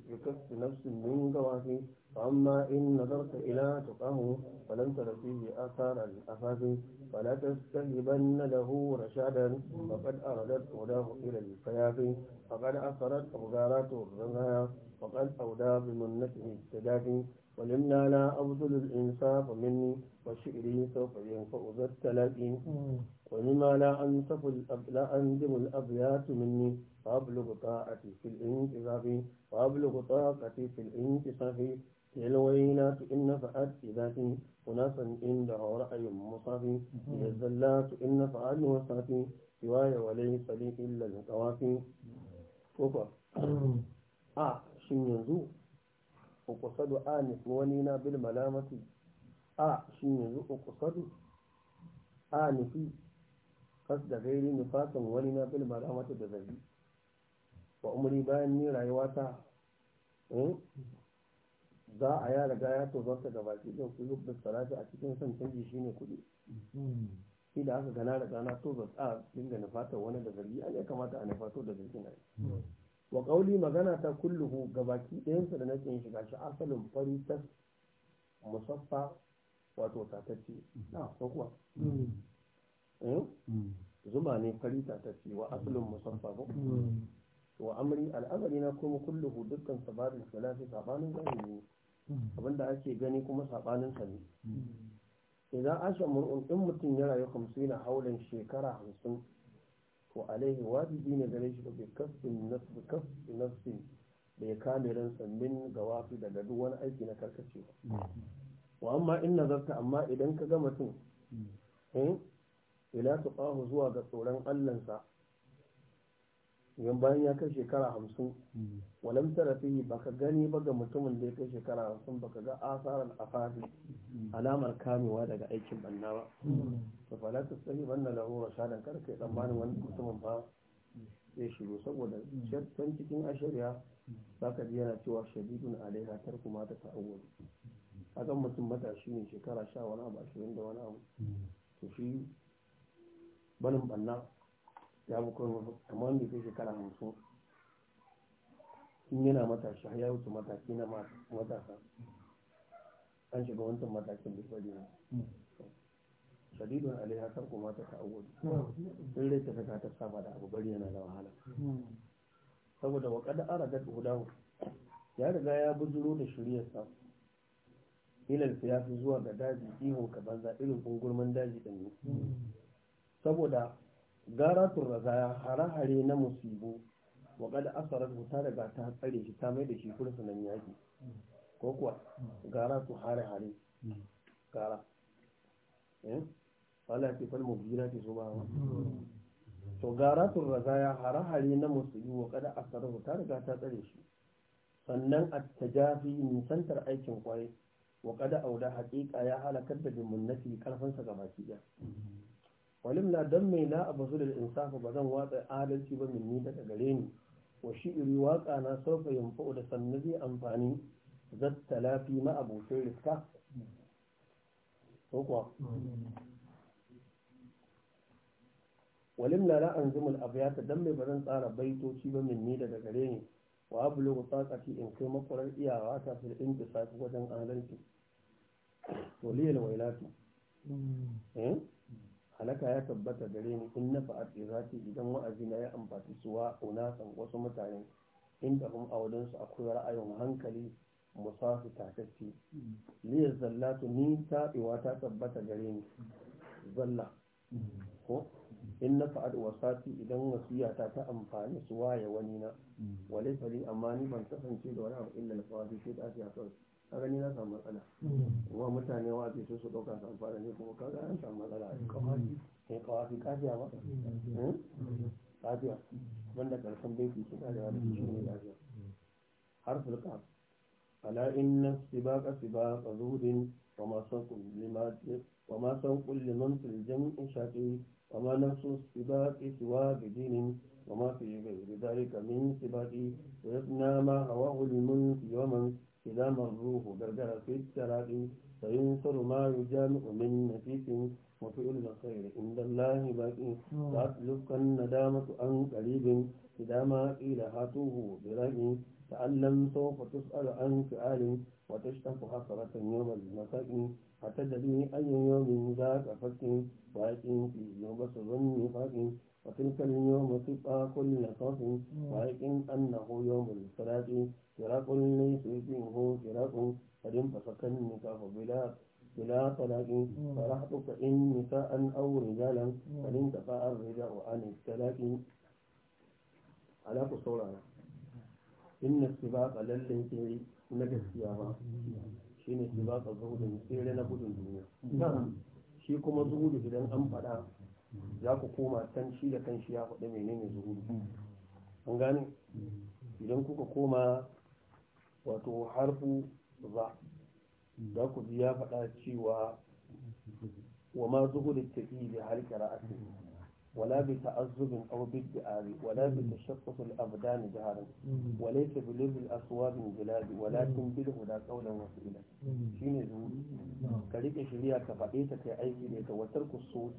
نفس من جوافي فأما إن نظرت إلى تقاه فلم تر فيه آثار الأفاف فلا تستجبن له رشادا وقد أردت هداه إلى الفياف فقد أثرت غارات الرمايا وقد أودى بمنته السداد ولمنا لا أبذل الإنصاف مني وشئري سوف ينفع ذا التلاقي ومما لا أنسف لا أندم الأبيات مني فأبلغ طاعتي في الانتصاف وأبلغ طاقتي في الانتصاف الوينات إن فأت ذاتي أناسا عنده رأي مصافي إذا الزلات إن فأت وصافي سواي وليس لي إلا الكوافي وفا [COUGHS] آه شن ينزو أقصد آنف ونينا بالملامة آه شن ينزو أقصد آنفي kas da gairi nufasin wani na fil maramata da zabi wa umri bayan ni rayuwata eh, za a ya riga ya tozarta ga baki ɗin da salati a cikin son canji shine kuɗi shi da aka gana da gana to a dinga nufatar wani da zargi an ya kamata a nufato da zargi na wa ƙauli magana ta kulluhu ga baki ɗayansa da nake shiga shi asalin fari ta musaffa wato tatacce na kuma Eh? Mm. zuma ne farita ta tafi wa asalin musamman ba wa amri al'amari na kuma kulluhu dukkan sabarin salafi sabanin zahiri mm. abinda ake gani kuma sabanin sa ne mm. idan asha mur'un in mutum ya rayu hamsin na haulan shekara hamsin. to alaihi wajibi ne gare shi bi kafin nasu kafin nasu da ya kame ransa min gawafi daga duk wani aiki na karkacewa wa amma in nazarta amma idan ka ga mutum eh, ila tuqahu zuwa ga tsoron allansa yan bayan ya kai shekara hamsin walam tara ba baka gani ba ga mutumin da ya kai shekara hamsin baka ga asarar afafi alamar kamewa daga aikin banna ba to fa la tasahi banna lahu rashadan kar kai tsammanin wani mutumin ba zai shigo saboda can cikin ashariya zaka ji yana cewa shadidun alaiha tarku ma ta ta'awwud kan mutum matashi ne shekara sha wani abu ashirin da wani abu to shi barin banna ya bi kuma kamar wanda ke shekara hamsin in yana matashi ya wuce mataki na matasa an shiga wancan matakin da bari ne shadidun alaiha kan kuma ta ta'awwadu sun rai ta saka ta saba da abu bari yana da wahala saboda wa kada aradat guda ya riga ya bujuro da shiryarsa ilal fiyafi zuwa ga daji ihun ka banza irin ungurman daji ne saboda garatun razaya hare-hare na musibu wa kada asarar ta daga ta tsare shi ta mai da shi fursunan yaki ko kuwa gara su hare-hare gara wala eh? ce falmu bira ke su ba wa to gara su razaya hare-hare na musibu wa kada asarar ta daga ta tsare shi sannan a tajafi nisantar aikin kwaye wa kada auda haƙiƙa ya halakar da jimunnafi karfansa ga baki ɗaya walim na dan mai na abu da insafa ba zan watsa adalci ba min ni daga gare ni wa shi iri waka na sauka yanfa'u da sannu zai amfani zatta lafi ma abokin riska ko kuwa walim na an zumul abiyata dan mai ba zan tsara baitoci ba min ni daga gare ni wa ablugu taqati in kai makwarar iyawa ta fil intisafi wajen adalci waliyal wailatu eh halaka ya tabbata gare ni in na fa'at ce idan wa'azi na ya ambaci suwa unasan wasu mutane inda kuma a wadansu akwai ra'ayin hankali musafi takacci liyar zallatu ni taɓewa ta tabbata gare ni zalla ko in na fa'ad wasati idan wasiyata ta amfani su waye wani na wale fari amma ni ban kasance da wani abu illa alfawafi sai ta fi a a gani na samu matsala kuma mm. mutane wa ake so su dauka su amfani ne kuma kaga an samu matsala kai mm. kawafi eh, kafiya ba mm. Hmm? kafiya wanda karshen baiti suna da wani shi ne kafiya har sulka ala inna sibaqa sibaqa zuhdin wa ma sanqul liman wa ma sanqul liman fil jam'i shaqi wa ma nafsu sibaqi siwa bidinin وما في غير ذلك من سباقي ويبنى ما هواه المنك ومن إذا مروه درجها في السراء فينكر ما يجامع من نفيس وفعل الخير عند الله باقي تتلفك آه. الندامة عن قريب إذا ما قيل هاتوه برأي تعلم سوف تسأل عن فعال وتشتف حسرة يوم المساء فتدري أي يوم ذاك فك ولكن في يوم سر النفاق وتلك اليوم تبقى كل صف ولكن أنه يوم الصلاة فراق ليس منه فراق قد انفسك النكاح بلا بلا طلاق فرحتك إن نساء أو رجالا قد انتفى الرجاء عن الثلاث على قصورنا إن السباق للي سيري نجس سياما شين السباق الزهود سيري نبود الدنيا shi kuma zuhudu idan an faɗa za ku koma can shi da kan shi ya faɗi menene zuhudu hmm. an gane hmm. idan kuka koma wato harfu ba za ku ji ya faɗa cewa wa ma zuhudu ƙi da a cikin ولا بتعذب أو بالدعاء ولا بتشقق الأبدان جهرا وليس بلب الأصواب بلاد ولكن بالهدى قولا وفعلا شين زوري كريك شريعة كفائتك عيك ليك وترك الصوت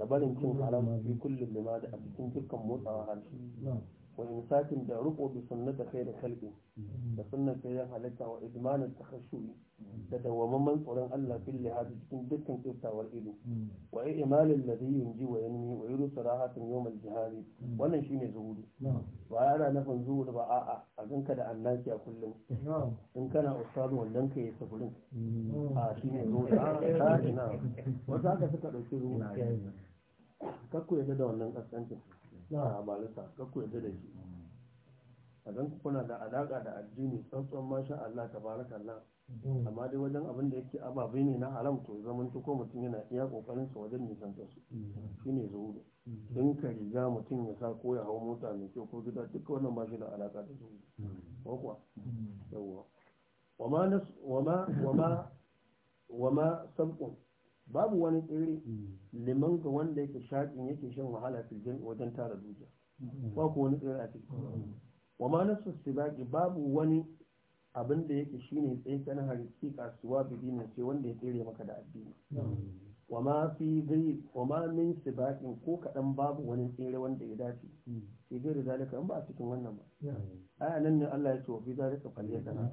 لبالن كن حرام في كل لماذا أبتن تلك موت أو هرشي وإمساك بعرق بسنة خير خلق بسنة خير حلتا وإدمان التخشع تدوما من قرن ألا في اللحاد تكون دكا كفتا والإلو وإعمال الذي ينجي وينمي ويلو صراحة يوم الجهاد وانا شيني زهود وأنا نفن زهود بآآ أذن كده الناس يا كلهم إن كان أستاذ ولن كي يستفلن آه شيني زهود آه نعم وذاك سكر الشروع كاكو يتدون لن أستنتم na malisa ka kuwa da shi a don kuna da alaƙa da addini tsantsan masha Allah ta kalla amma dai wajen abin da yake ababai ne na haram to zaman ko mutum yana iya kokarin sa wajen nisanta su ne zuwa don ka riga mutum ya sa ko ya hau mota mai kyau ko gida duka wannan ba shi da alaka da zuwa ko kuwa yawwa wama wama wama babu wani tsere mm. liman ga wanda yake shaƙin yake shan wahala fil jami wajen tara dukiya mm. ba ku wani tsere a ciki mm. wa ma nasu sibaki babu wani abin da yake shine tsaye kana harki kasuwa bidina ce wanda ya tsere maka da addini wa ma fi zai wa ma min sibakin ko kaɗan babu wani tsere wanda ya dace hmm. sai da zalika in ba a cikin wannan ba ai nan ne Allah ya ce wa fi zalika falyatana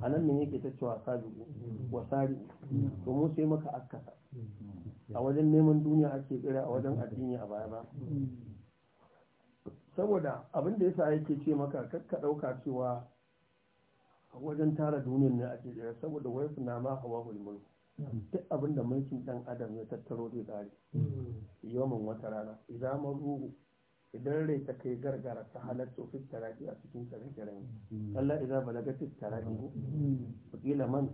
a nan ne yake ta cewa sabiqu wa sari hmm. to mu sai maka akasa hmm. a wajen neman duniya ake tsira a wajen addini a baya ba saboda abin da yasa yake ce maka kakka ɗauka cewa wajen tara duniyar ne ake tsira saboda wai na ma hawa mulmulku duk abin da mulkin dan adam ya tattaro zai kare yawan wata rana idan maruhu idan rai ta kai gargara ta halatta fi tarafi a cikin tsare-tsaren Allah idan balaga fi tarafi ko kila man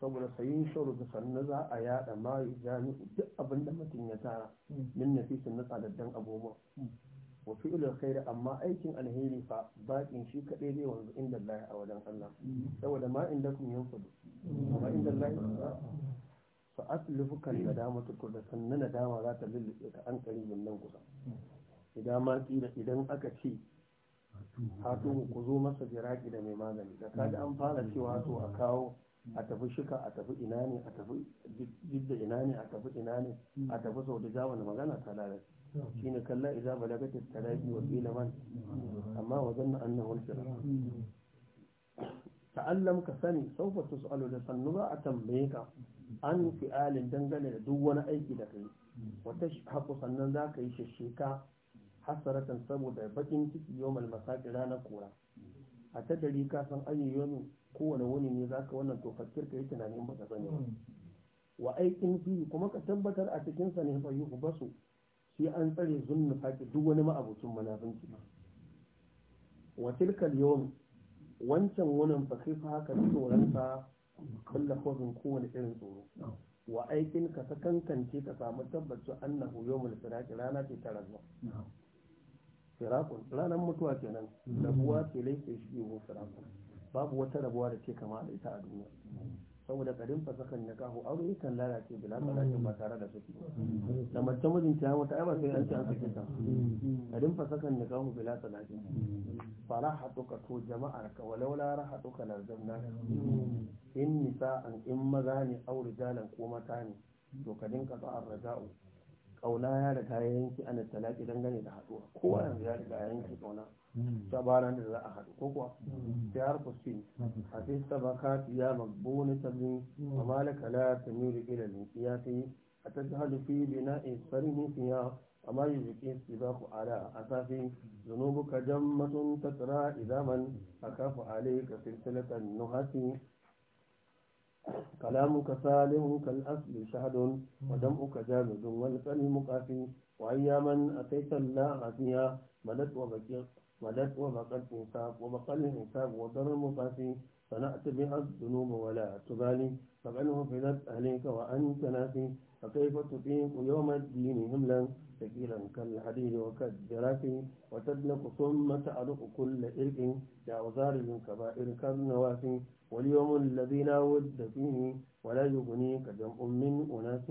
saboda sayin shuru da sannu za a yada ma jami'u duk abin da mutum ya tara min nafisin na dan abubuwa wa fi'lul khair amma aikin alheri fa bakin shi kadai zai wanzu inda Allah a wajen Allah saboda ma inda kun yanfudu ma inda Allah fa aslifu kal ta kul sannan nadama za ta lulluɓe ka an karibin nan kusa idan ma kila idan aka ce hatu ku zo masa jiraki da mai magani da kaji an fara cewa to a kawo a tafi shika a tafi ina ne a tafi jidda ina ne a tafi ina ne a tafi sau da magana ta lalace shine kalla idza balagat as-salati wa qila amma wa zanna annahu al-firaq ta'allam ka sani sawfa tus'alu da sannu za a tambaye ka an fi'alin dangane da duk wani aiki da kai wata haku sannan za ka yi shishika hasaratan saboda bakin ciki da masaki ranar kora. a ta dari ka san ayyuyomi kowane wuni ne za ka wannan tofakkir ka yi tunanin ba ka sani ba wa aikin fi kuma ka tabbatar a cikinsa ne fa yuhu basu sai an tsare zunnu duk wani ma'abucin munafinci wa tilkal yawon wancan wannan fa kai fa haka tsoron sa kullu khawfin kowane irin tsoro wa aikin ka ta kankance ka samu tabbacin annahu yawmul firaqi rana ce ta razo firakun ranar mutuwa kenan rabuwa ce laifin shi yawon firakun babu wata rabuwa da ce kama da ita a duniya saboda karin fasakan ya kahu aure kan lalace bila talakin mm. ba tare da saki da mace mijin ta mata ai ba sai an ci an saki ta mm. karin fasakan ya kahu bila talakin mm. fara ka to jama'ar ka walaula rahatuka na zamna in nisa an in maza ne aure jalan ko mata ne to ka dinka tsa'ar raja'u kauna ya riga ya yanki ana talaki dangane da haɗuwa kowa yanzu ya riga ya yanki kauna Hmm. sabaran da za a haɗu ko kuwa hmm. sai har fusti hmm. a fi sabaka ya babbo na sabbin a malaka la ta miri ilalin kiyasi a ta ta bi na in sarin ya a ma yi jiki su za ku ala a safi zunubu ka jammatun ta tsira idaman a kafa ale ka silsilatan nuhasi كلامك سالم كالأصل شهد ودمعك جامد والقلم قاسي وأياما أتيت الله فيها مدت وبكيت ولد ومقل الإنساب ومقل الإنساب وضر المقاسي فنأت بها الذنوب ولا تبالي في ذات أهليك وأنت ناسي فكيف تطيق يوم الدين هملا ثقيلا كالحديد وكالدراسي وتدلك ثم تعلق كل إرك يا أوزار من كبائر كالنوافي واليوم الذي لا ود فيه ولا يغني كجمع من أناس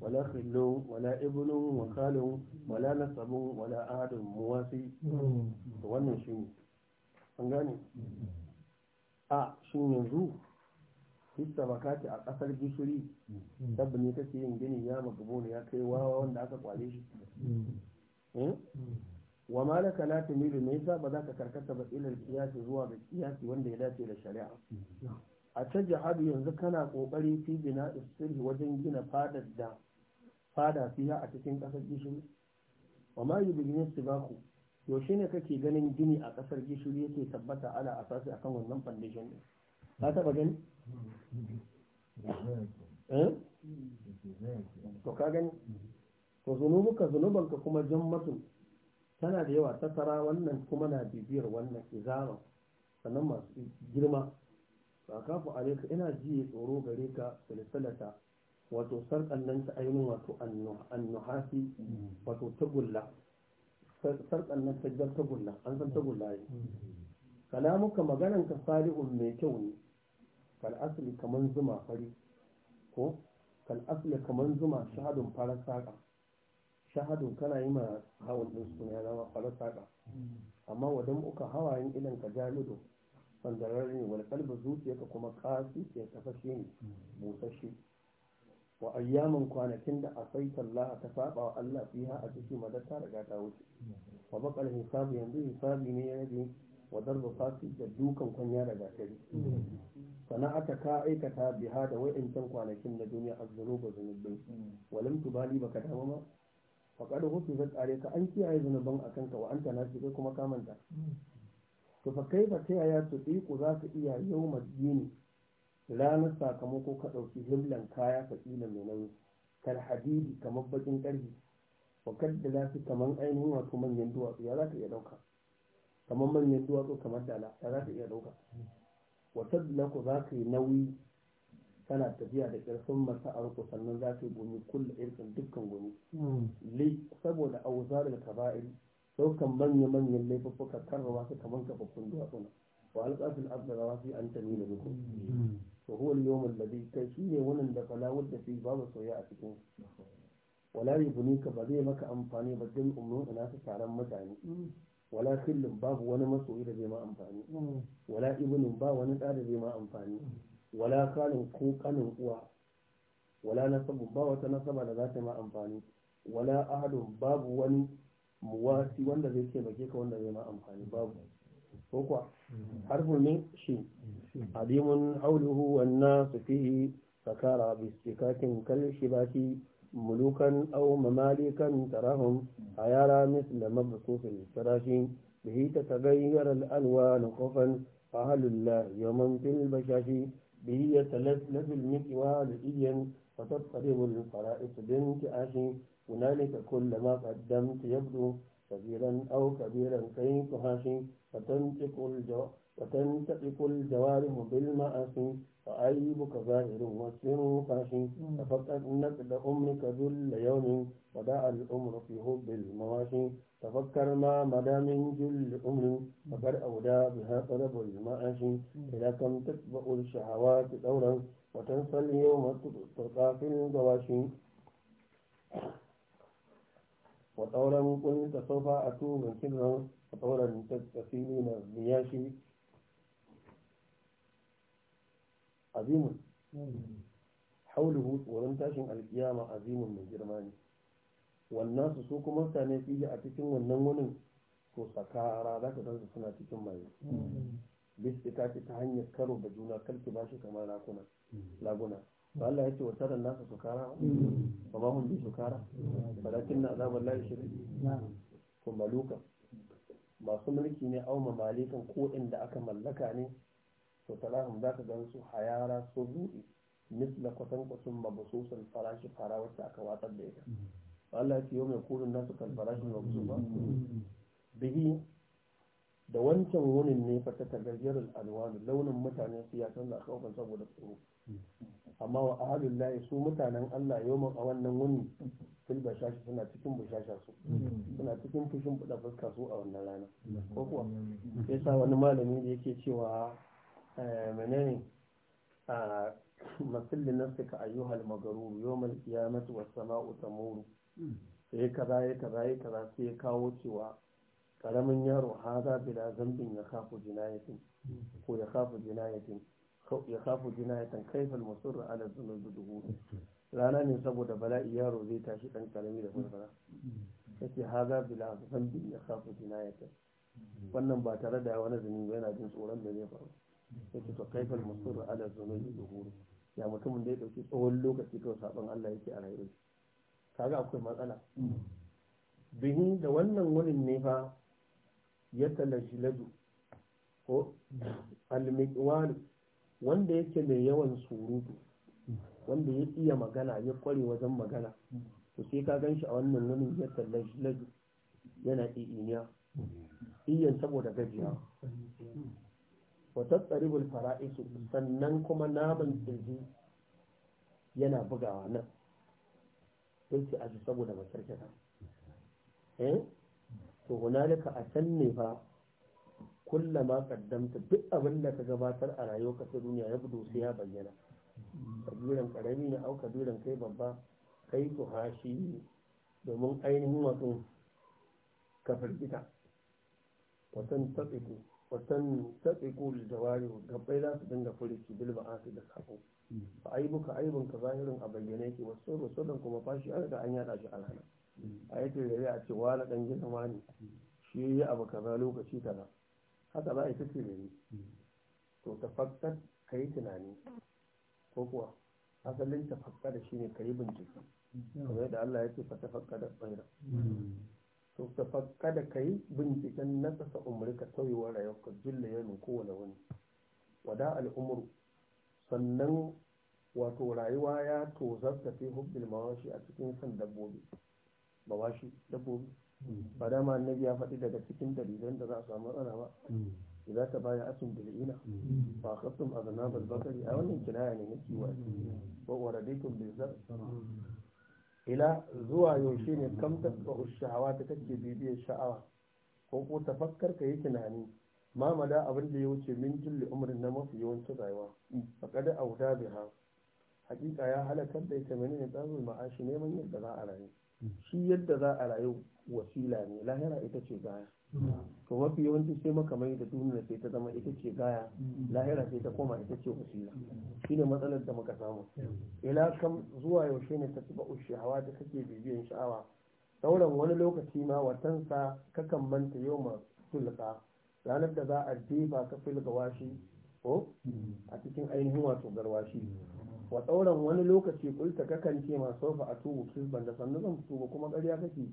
ولا خل ولا ابن وخال ولا نسب ولا أحد مواسي wannan shi ne an gane a shin yanzu hissa makati a ƙasar gishiri dabba ne kake yin gini ya magabo ne ya kai wawa wanda aka kwale shi wa malaka la tumilu me yasa ba za ka karkata ba ilal kiyasi zuwa ga kiyasi wanda ya dace da shari'a a ta jihadu yanzu kana kokari fi bina istirhi wajen gina fadar da fada fiya a cikin kasar gishiri wa ma ba sibaku yaushe ne kake ganin gini a kasar gishiri yake tabbata ala asasi akan wannan foundation ne ka taba gani eh? to ka gani to zunubuka zunubanka kuma jan jammatun tana da yawa ta tara wannan kuma na bibiyar wannan izama sannan masu girma ba kafu alaika ina ji tsoro gare ka silsilata wato sarƙan nan ta ainihin wato annuhasi wato tagulla sarƙan nan ta jar tagulla an san tagulla ne kalamuka ka salihun mai kyau ne kal asali kaman zuma fari ko kal asali kaman zuma shahadun farar saƙa shahadu kana yi ma hawan din suna zama falasaka amma wadan uka hawayen ilan ka jamidu sandarar ne wani zuciya zuciyarka kuma kasi ke tafashe ne busasshe wa ayyamin kwanakin da asaita Allah ta saba wa Allah fi fiha a cikin madatta da ta wuce wa bakal hisabu yanzu hisabi ne ya rage wa darba fasi da dukan kwanya daga gari sana'ata ka aikata biha da wa'ancan kwanakin na duniya a zunubar zunubai walam tubali baka dama ma faƙar hutu zai tsare ka an kiyaye zunuban a kanka wa ta nasi kai kuma kamanta to fa kai ba ta yaya to tsiku za ka iya yau madini ranar sakamako ka ɗauki himlan kaya fasila mai nauyi kar hadidi kamar bakin ƙarfi wa kadda lafi kamar ainihin wato manyan duwatsu ya za ka iya ɗauka kamar manyan duwatsu kamar dala ya za ka iya ɗauka wata ku za ka yi nauyi tana tafiya da ƙarfin masa a riko sannan za ta gumi kulle irin dukkan gumi lai saboda auzar da Kaba'in, saukan manya-manyan laifuffuka karrawa su kaman kafaffun duwatsuna wa alƙafin abdarawa fi an tani da zuku to huwa kai shi ne wannan da falawar da fi babu soya a cikin wala yubunika ba zai maka amfani ba din umrun ina taron mutane wala khillin babu wani masoyi da zai ma amfani wala ibnin ba wani da zai ma amfani wala kanin ko uwa wala nasabu ba wata nasaba da za ta ma amfani wala ahadun babu wani muwasi wanda zai taimake ka wanda zai ma amfani babu ko kuwa mm-hmm. harfin ne shi mm-hmm. adimun hauluhu wannan su fihi sakara bisikakin kalshi baki mulukan أو مماليكا تراهم عيارى مثل مبسوط الفراش به تتغير الألوان خوفا فهل الله يوما في البشاش به يتلذذ المكوى لئيا فتضطرب الفرائس بانتعاش هنالك كلما قدمت يبدو صغيرا أو كبيرا كي تهاشي فتنطق الجوارح بالمعاصي فأيبك ظاهر وسرك تفقد نقد أمرك ذل يوم وداع الأمر في هب المواشي تفكر ما مدى من جل أمر فقد أودى بها طلب المعاش إذا كم تتبأ الشهوات دورا وتنسى اليوم في الجواشي وطورا قلت سوف أتوب سرا وطورا تستفيد من الرياش azimun hmm. hauluhu tsoron tashin alkiyama azimun mai girma ne wannan su su kuma mutane fiye a cikin wannan wunin to sakara za ka su suna cikin maye hmm. bis ita ce ta hanyar karo da juna kalki ba shi kamar hmm. laguna laguna ba Allah ya ce wata da nasa sukara ba ba hun bi da balakin na azabar layi shirin kuma maluka masu mulki ne auma malikan ko inda aka mallaka ne to talahun za ta gan su hayara su buɗe misla kwatankwacin mabususun farashi fara wacce aka watsar da ita Allah ya yau mai kurin nasu kan farashin mabusu ba bihi da wancan wunin ne fa ta tagayyarar alwanu launin mutane su ya canza kawai saboda tsoro amma wa ahalin layi su mutanen Allah yau a wannan wuni fil bashashi suna cikin bushasha su suna cikin fushin buɗa fuska su a wannan rana ko kuwa sa wani malami da yake cewa menene a masalli nafsika ayyuhal magaruru yawmal qiyamati was sama'u tamuru sai kaza ya kaza ya kaza sai kawo cewa karamin yaro haza bila zambin ya kafu jinayatin ko ya kafu jinayatin ya kafu jinayatin kaifal musirru ala zunubi duhu rana ne saboda bala'i yaro zai tashi dan karami da farfara yace haza bila zambin ya kafu jinayatin wannan ba tare da wani zunubi yana jin tsoron da zai faru yake to kaifal musur ala zunubi zuhuru ya mutumin da ya dauki tsawon lokaci kawai sabon Allah yake a rayuwar shi kaga akwai matsala bihin da wannan wurin ne fa ya talajiladu ko almiqwal wanda yake mai yawan surutu wanda ya iya magana ya kware wajen magana to sai ka ganshi a wannan wurin ya talajiladu yana iya iyan saboda gajiya wa tattaribul fara'isu sannan kuma naman kirji yana bugawa nan ki aji saboda masarkata eh to hunalika a can ne fa kullama kaddamta duk abin da ka gabatar a rayuwarka ta duniya ya budo sai ya bayyana kabiran karami ne au kabiran kai babba kai ku hashi domin ainihin wato ka firgita watan tatsiku watan tatsi da jawari gabbai za su dinga bilba a su da sako buka aibin aibunka zahirin a bayyane yake wasu don kuma fashi an ga an yada shi a a yake gari a ce wani dan gina wani shi ya yi abu kaza lokaci kaza haka za a yi tafi gari to fakkar ka yi tunani ko kuwa asalin tafakka da shi ne ka yi bincike kamar yadda Allah ya ce fa tafakka da tsairar to ka fakkada ka yi binciken na tsasa umurka sauyewar rayuwarka jilla yamin kowane wani wada al'umuru sannan wato rayuwa ya tozarta fi hubbil mawashi a cikin san dabbobi mawashi dabbobi hmm. ba dama annabi ya faɗi daga cikin dalilan da za a samu matsala ba hmm. idza ta baya atum bil ina hmm. fa akhadtum aznab bakari a wannan kinaya ne nake wa wa radikum bil zar ila zuwa yaushe ne kam tasba'u shahawa ta take bibiyar sha'awa ko ko tafakkar ka yi tunani mamada abin da ya wuce min julli umrin na mafi yawancin rayuwa faqad auda biha hakika ya halakar da ita menene tsarin ma'ashi neman yadda za a rayu mm. shi yadda za a rayu wasila ne lahira ita ce baya. to mafi yawanci sai makamai da duniya sai ta zama ita ce gaya lahira sai ta koma ita ce wasila shine matsalar da muka samu ila kam zuwa yaushe ne ta tuba hawa da kake bibiyan sha'awa sauran wani lokaci ma watansa kakan manta yau ma tulka ranar da za a jefa ka filga washi ko a cikin ainihin wato garwashi wa tsauran wani lokaci kulta kakan ce masu sofa a tubu kisban da sannu zan tuba kuma ƙarya kake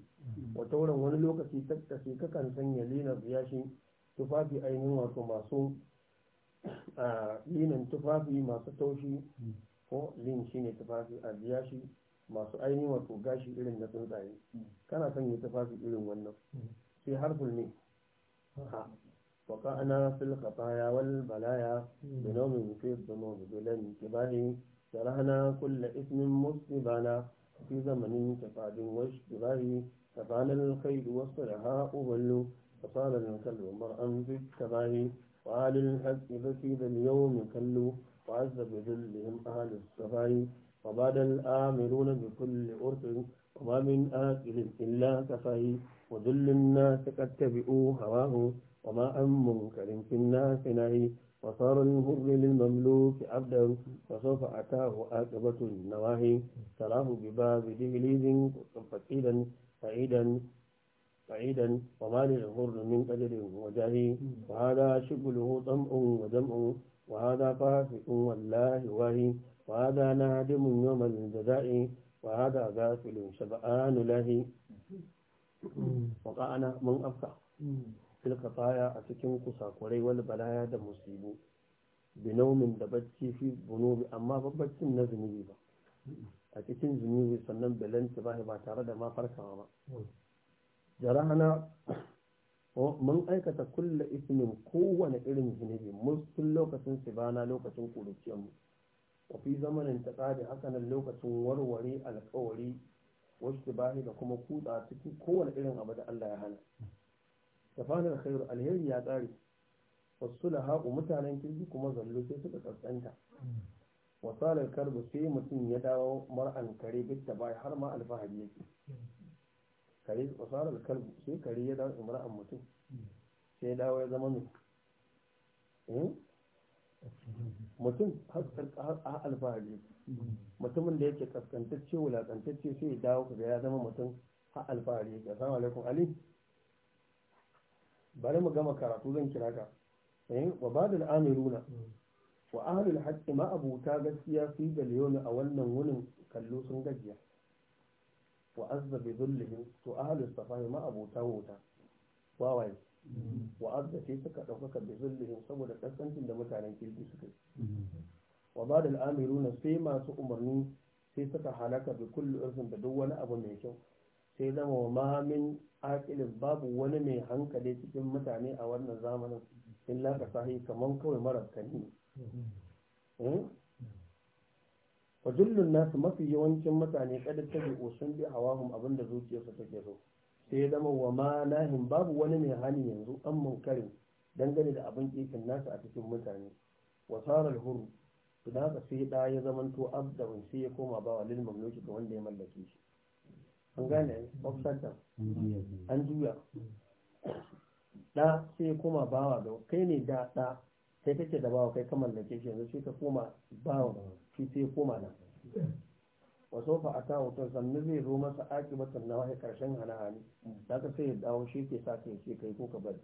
wa tsauran wani lokaci tattace kakan sanya lina ziyashi tufafi ainihin wato masu a linan tufafi masu taushi ko lin shi ne tufafi a ziyashi masu ainihin wato gashi irin na tsuntsaye kana sanya tufafi irin wannan sai harful ne وقعنا في الخطايا والبلايا بنوم في الظنوب بلا انتباه شرحنا كل اسم مسلمنا في زمن كفاد واشتباه فقال الخيل والصلحاء ظلوا فقال الكل مرأى في التباه وآل الحق بسيد اليوم كلوا وعز بذلهم أهل الصفاي وبعد الآمرون بكل أرض وما من آكل إلا كفاي وذل الناس قد تبئوا هواه وما أم منكر في الناس نهي وصار الهر للمملوك عبدا فسوف أتاه عاقبة النواهي تراه بباب دهليز فقيدا سعيدا سعيدا وما للهر من قدر وجاهي وهذا شبله طمع ودمع وهذا فاسق والله واهي وهذا نادم يوم الجزاء وهذا غافل شبعان له وقعنا من أفقع tilka tsaya a cikin kusakurai wani balaya da musibu binomin da bacci fi bunubi amma baccin na zunubi ba a cikin zunubi sannan belanta ba ba tare da mafarkawa ba jarahana mun aikata kulle ismin kowane irin zunubi muskun lokacin sibana lokacin kuruciyarmu a fi zamanin ta tsari hakanan lokacin warware alkawari wasu bahi da kuma kutsa cikin kowane irin abu da Allah ya hana tafanar khairu alheri ya tsare wasu laha'u mutanen kirki kuma zallo sai suka tsantsanta wasalar karbu sai mutum ya dawo mar'an kare bitta bai har ma alfahari yake kare wasalar karbu sai kare ya dawo mar'an mutum sai dawo ya zama mai eh? mutum har alfahari mutumin da yake kaskantacce wulakantacce sai ya dawo kaga ya zama mutum har alfahari yake assalamu alaikum ali bari mu gama karatu zan kira ka eh, wa badal amiruna wa ahlul haqqi ma abuta gaskiya fi da yawmi a wannan wunin kallo sun gajiya wa azza bi dhullihim to ahlus safahi ma abuta wuta wawaye wa azza sai suka ɗaukaka bi zullihim saboda kasancin da mutanen kirki suka yi wa ba amiruna sai masu umarni sai suka halaka bi kulli urfin da duk wani abu mai kyau sai zama wa mamin aqilin babu wani mai hankali cikin mutane a wannan zamanin in ka sahi kaman kawai marar kani fajullun hmm? nasu mafi yawancin mutane kada ta bi sun bi hawahum abinda zuciyarsa take so sai zama wa ma nahin babu wani mai hani yanzu an munkarin dangane da abin kikin nasu a cikin mutane wa sarar huru da ka sai ɗaya ya zamanto abdawan sai ya koma bawa lil mamluki ga wanda ya mallake shi an gane mm. ya an juya da sai koma bawa da kai ne da da sai kake da bawa kai kamar da shi yanzu sai ka koma bawa shi sai koma da wasu fa a ta hoton zai zo masa aki batan na wahai karshen hana-hani za ka sai ya dawo shi ke sa kai ce kai ko ka bari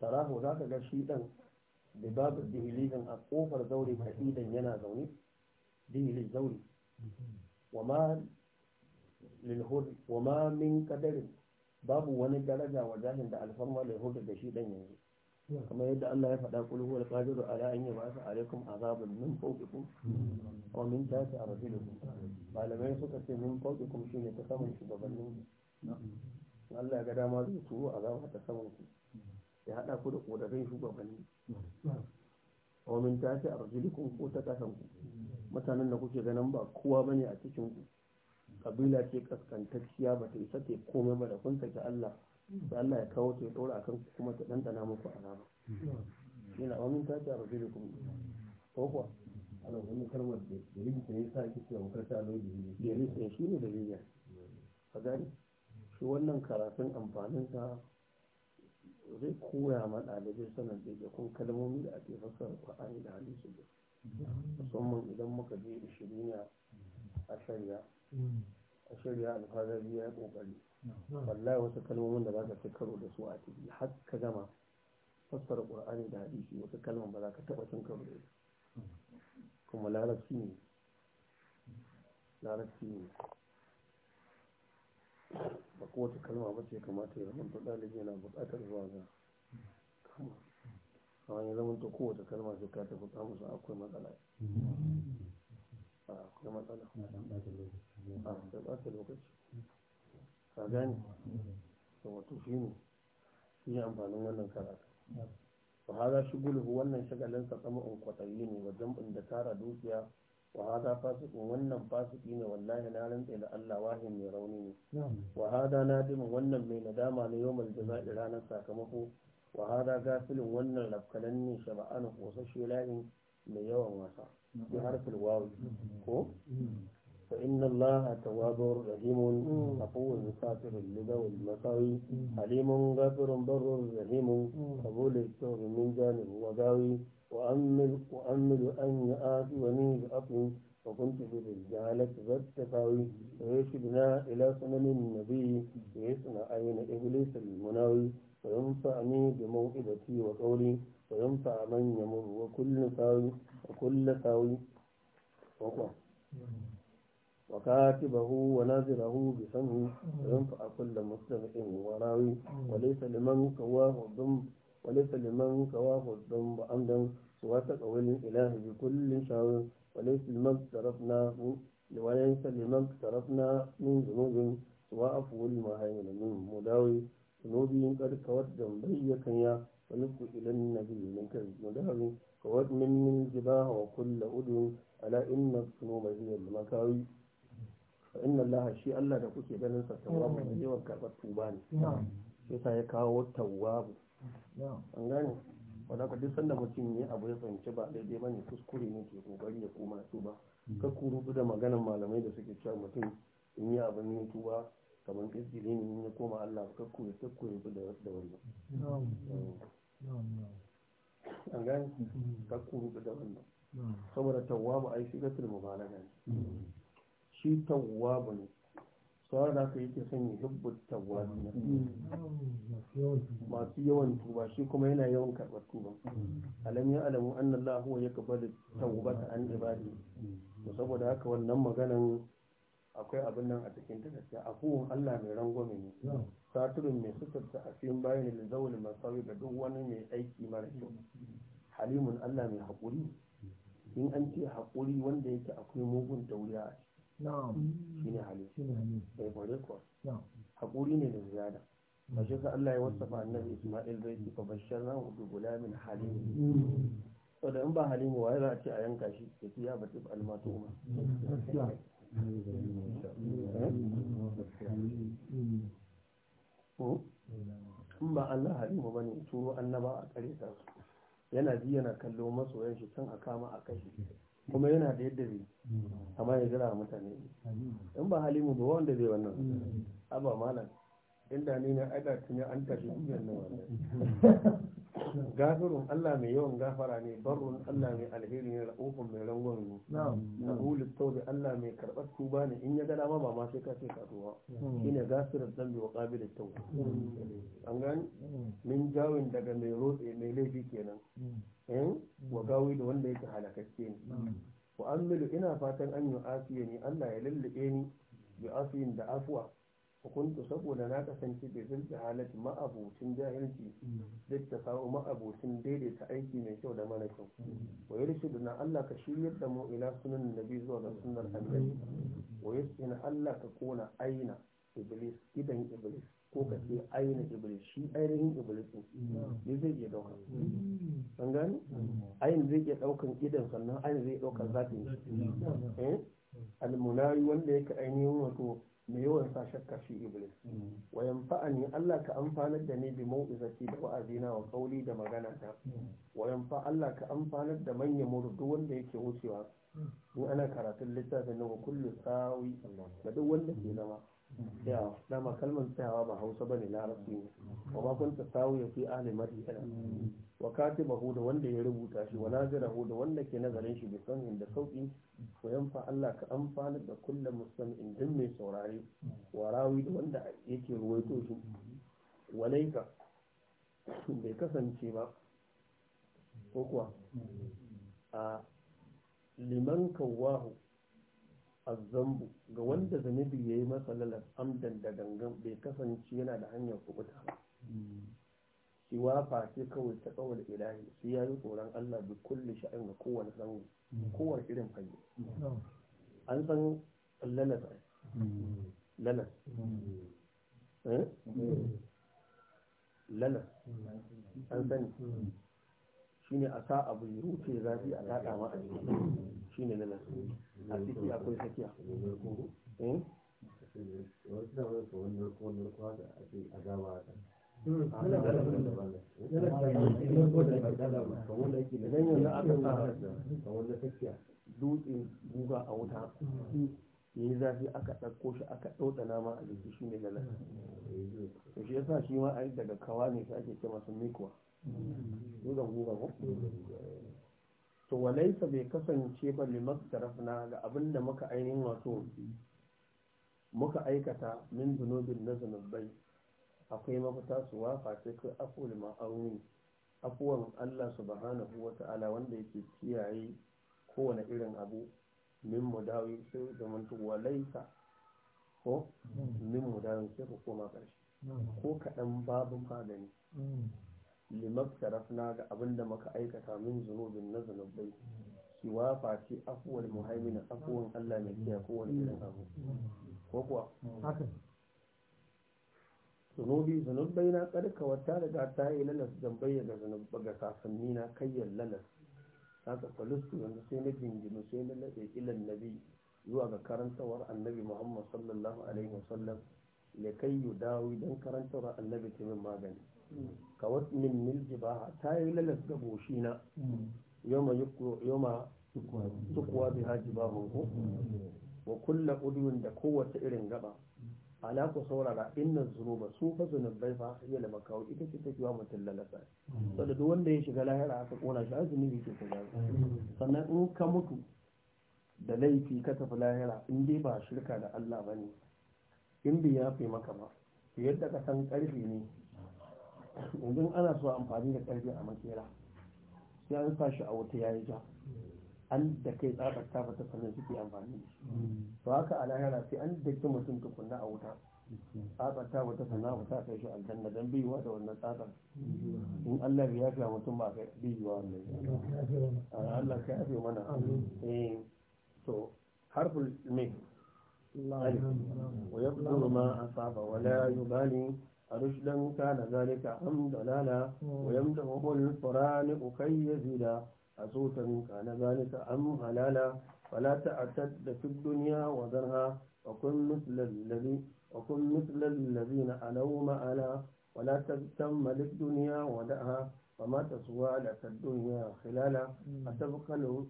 sarahu mm. za ka ga shi dan da babu dihilin a kofar zaure ka idan yana zaune dihilin zaure mm-hmm. wa ma lil wa ma min qadarin babu wani daraja wa jahin da alfarma lil hur da shi dan yanzu kamar yadda Allah ya faɗa kul huwal qadiru ala an yab'atha alaykum azaban min fawqikum wa min tahti arjulikum malamai suka ce min fawqikum shine ta saman shugabannin Allah ya ga dama zai turo azaba ta saman ku ya haɗa ku da ƙorarin shugabanni wa min tahti arjulikum ko ta kasan ku mutanen da kuke ganin ba kowa bane a cikin ku kabila ce kaskantacciya ba ta isa ta komai ba da kun saki Allah da Allah ya kawo ta ya dora akan kuma ta dandana muku azaba yana amin ta ta da kuma ko kuwa Allah wannan kalmar da rigita ne sa yake cewa makarta a lokacin da yake ne shi ne da yake A gani shi wannan karatun amfanin sa zai koya ma ɗalibai sanar da kun kalmomi da ake fassara Qur'ani da hadisi musamman idan muka je da shiriya a shari'a a shirya alfazari ya yi ƙoƙari wallahi wasu kalmomin da za ka karo da su a ciki har ka gama fassara ƙur'ani da hadisi wasu kalman ba za ka taɓa cin karo da su kuma larabci ne larabci ne ba kowace kalma ba ce kamata ya zama da yana buƙatar zuwa ga kama a wani zaman ta kowace kalma sai ka tafi kamusa akwai matsala akwai matsala a ɓata lokaci ka da wato shi ne shi amfanin wannan karatu wa haza shugulhu wannan shagalin sa sama in kwatayi ne wa jam'in da tara dukiya wa haza fasikin wannan fasiki ne wallahi na rantsa da Allah wahin mai rauni ne wa hada nadimin wannan mai nadama ne yawmal jaza'i ranar sakamako wa gafilin wannan rafkanan ne shaba'an kosashe layin mai yawan wasa bi harfil wawi ko fa inna allaha tawwabur rahimun afuwwun musafirul liga wal masawi alimun ghafurun barrun rahimun qabul tawbi min janib wa gawi wa ammil wa ammil an ya'fi wa min afu وكنت برجالة ذات تفاوي ويشبنا إلى سنن النبي ويصنع أين إبليس المناوي وينفعني بموئدتي وقولي وينفع من يمر وكل ساوي كل ساوي وقع وكاتبه وناظره بسمه ينفع كل مستمع وراوي وليس لمن كواه الضم وليس لمن كواه الضم عمدا سوى تقويل الإله بكل شر وليس لمن اقترفناه وليس لمن اقترفنا من ذنوب سوى عفو المهيمن من مداوي ذنوبي قد كوت جنبي كنيا ونبكو إلى النبي من كذب مداوي udu, الجباه وكل أدو ألا إن الصنوم makawi. A inna laha shi Allah da kuke ganin sa tawwabu ne yawan karɓar tuba ne sai sa ya kawo tawwabu an gane wadda ka duk sanda mutum ne abu ya fahimci ba daidai ne kuskure ne ke kokari ya koma tuba ka kuru da maganar malamai da suke cewa mutum in yi abin ne tuba kamar kirkiri ne ya koma Allah ka kuru ta kuru da wani an gani kakku rubu da wannan saboda tawwabu ai shi gatul mubalaga ne shi tawwabu ne sauran da aka yake son ya hibbu tawwabu na masu yawan tuba shi kuma yana yawan karɓar tuba alam ya alamu anna Allah huwa yaqbalu tawbata an ibadi saboda haka wannan maganan akwai abin nan a cikin ta gaskiya afuwan Allah mai rangwame ne satirin mai sutarta a cikin bayan da zaune masawi ga duk wani mai aiki mara kyau halimun allah mai haƙuri in an ce haƙuri wanda yake akwai mugun dauriya a ciki shi ne hali bai bare kuwa haƙuri ne da ziyada ba mm. shi allah ya wasafa annabi isma'il bai ci fa bashar na hudu gulamin halimu mm. saboda in ba halimu waye za a ce a yanka shi ya ci ya batib almatu umar mm. in ba Allah halimu ba ne turo annaba a kare ta yana ji yana kallo masoyan shi can a kama a kai kuma yana da yadda bai amma ya jira mutane in ba halimu ba wanda zai wannan aba malam inda ne na aida tuni an tafi duniyar nan wannan gafirun Allah mai yawan gafara ne barun Allah mai alheri ne ra'ufun mai rangon ne na da Allah mai karɓar tuba ne in ya gada ma ba ma sai ka ce ka hmm. shine gafirin zambi wa da tauba hmm. an gani hmm. min jawin daga mai rotse mai laifi kenan eh wa gawi da wanda yake halakacce ne wa amilu ina fatan an yi afiya ne Allah ya lullube ni bi afiyin da afuwa hukuntu saboda na kasance bai zirga halatta ma'abocin jahilci duk da kawo ma'abocin daidaita aiki mai kyau da mara kyau wa yarshidu na Allah ka shiryar da mu ila sunan bi zuwa ga sunan annabi wa yarshidu Allah ka kona aina iblis idan iblis ko ka ce aina iblis shi ainihin iblis ne zai iya dauka an gani ainihin zai iya ɗaukar idan sannan ainihin zai iya daukan zafin almunawi wanda yake ainihin wato mai yawan sa shakka shi iblis mm. wa yanfa'ani Allah ka amfanar da ni bi mau'izati da wa'azina wa kauli da magana ta mm. wa yanfa Allah ka amfanar da manyan murdu wanda yake wucewa mm. in ana karatun littafin nan kullu sawi da duk wanda ke zama ya dama kalmar tsayawa ba Hausa bane larabci ne wa ba kunta sawi fi ahli madina wa katibahu da wanda ya rubuta shi wa hu da wanda ke nazarin shi bisan inda da sauki ko yanfa Allah ka amfana da kullum musamman din mai saurare wa rawi da wanda yake ruwaito shi walaika bai kasance ba ko kuwa a liman kawahu azambu ga wanda zunubi yayi yi masa amdan da gangan bai kasance yana da hanyar kubuta ba iwafa ce kawai ta kawar ilahi sai ya yi tsoron Allah bi kulle sha'in ga kowane zango kowane irin fanni an san lalata lalas eh? lalas an sani shi ne a sa abu ya rufe zafi a kaɗa ma a jiki ne lalas a ciki akwai sakiya eh Hmm. idan yanzu aka sa ta na tsakiya dutsen guga a wuta hmm. ya yi zafi aka ɗauko shi aka ɗauɗana nama a jiki shi ne galar hmm. to shi yasa shi ma a daga kawa ne shi ake ce masu mikuwa dutsen guga ko to walaisa bai kasance ba limastarafna ga abin da muka ainihin wato muka aikata min zunubin na zunubai akwai mafita su wafa cikin aful ma'auni afuwan Allah subhanahu wa ta'ala wanda yake kiyaye kowane irin abu min mu dawo sai da mantuwa laisa ko min mu dawo sai ku koma ƙarshe ko kaɗan babu magani limaktarafna ga abinda muka aikata min zunubin na zunubai wafa ce afuwar muhaimina afuwan Allah mai kiyaye kowane irin abu ko kuwa zunubi zunubai na karka wata daga ta yi lalas don bayyana zunubba ga sasanni na kayyar lalas haka falistu yanzu sai na jingina sai na laɗe ilan nabi zuwa ga karantawar annabi muhammad sallallahu alaihi wasallam ya kai yi dawo don karantawar annabi ta magani ka min mil jibaha ta yi lalas ga goshina yoma yoma tukwa biha hunku wa kulla udwin da kowace irin gaba ana ku saurara inna zunuba su fa zunubai fa hiya la ita ce take wa mutum lalasa saboda duk wanda ya shiga lahira aka kona shi azumi ke ta sannan in ka mutu da laifi ka tafi lahira in dai ba shirka da Allah bane in bi ya fi maka ba yadda ka san karfi ne yanzu ana so amfani da karfi a makera sai an sa shi a wuta yayi ja an da kai tsakar tafa ta sannan suke amfani da shi to haka a lahira sai an da ke mutum tukunna a wuta tsakar tafa ta sannan wuta kai shi aljanna don biyuwa da wannan tsakar in Allah ya fiya mutum ba kai biyuwa wannan Allah ka yafe mana eh to harful me ويبلغ ما أصاب ولا يبالي رشدا كان ذلك أم ضلالا ويمدحه القرآن كي يزيدا صوتا كان ذلك أم حلالا فلا تعتد في الدنيا وذرها وكن مثل الذي وكن مثل الذين علوا ما ولا تهتم للدنيا ودعها وما تسوى لك الدنيا خلالا أتبخل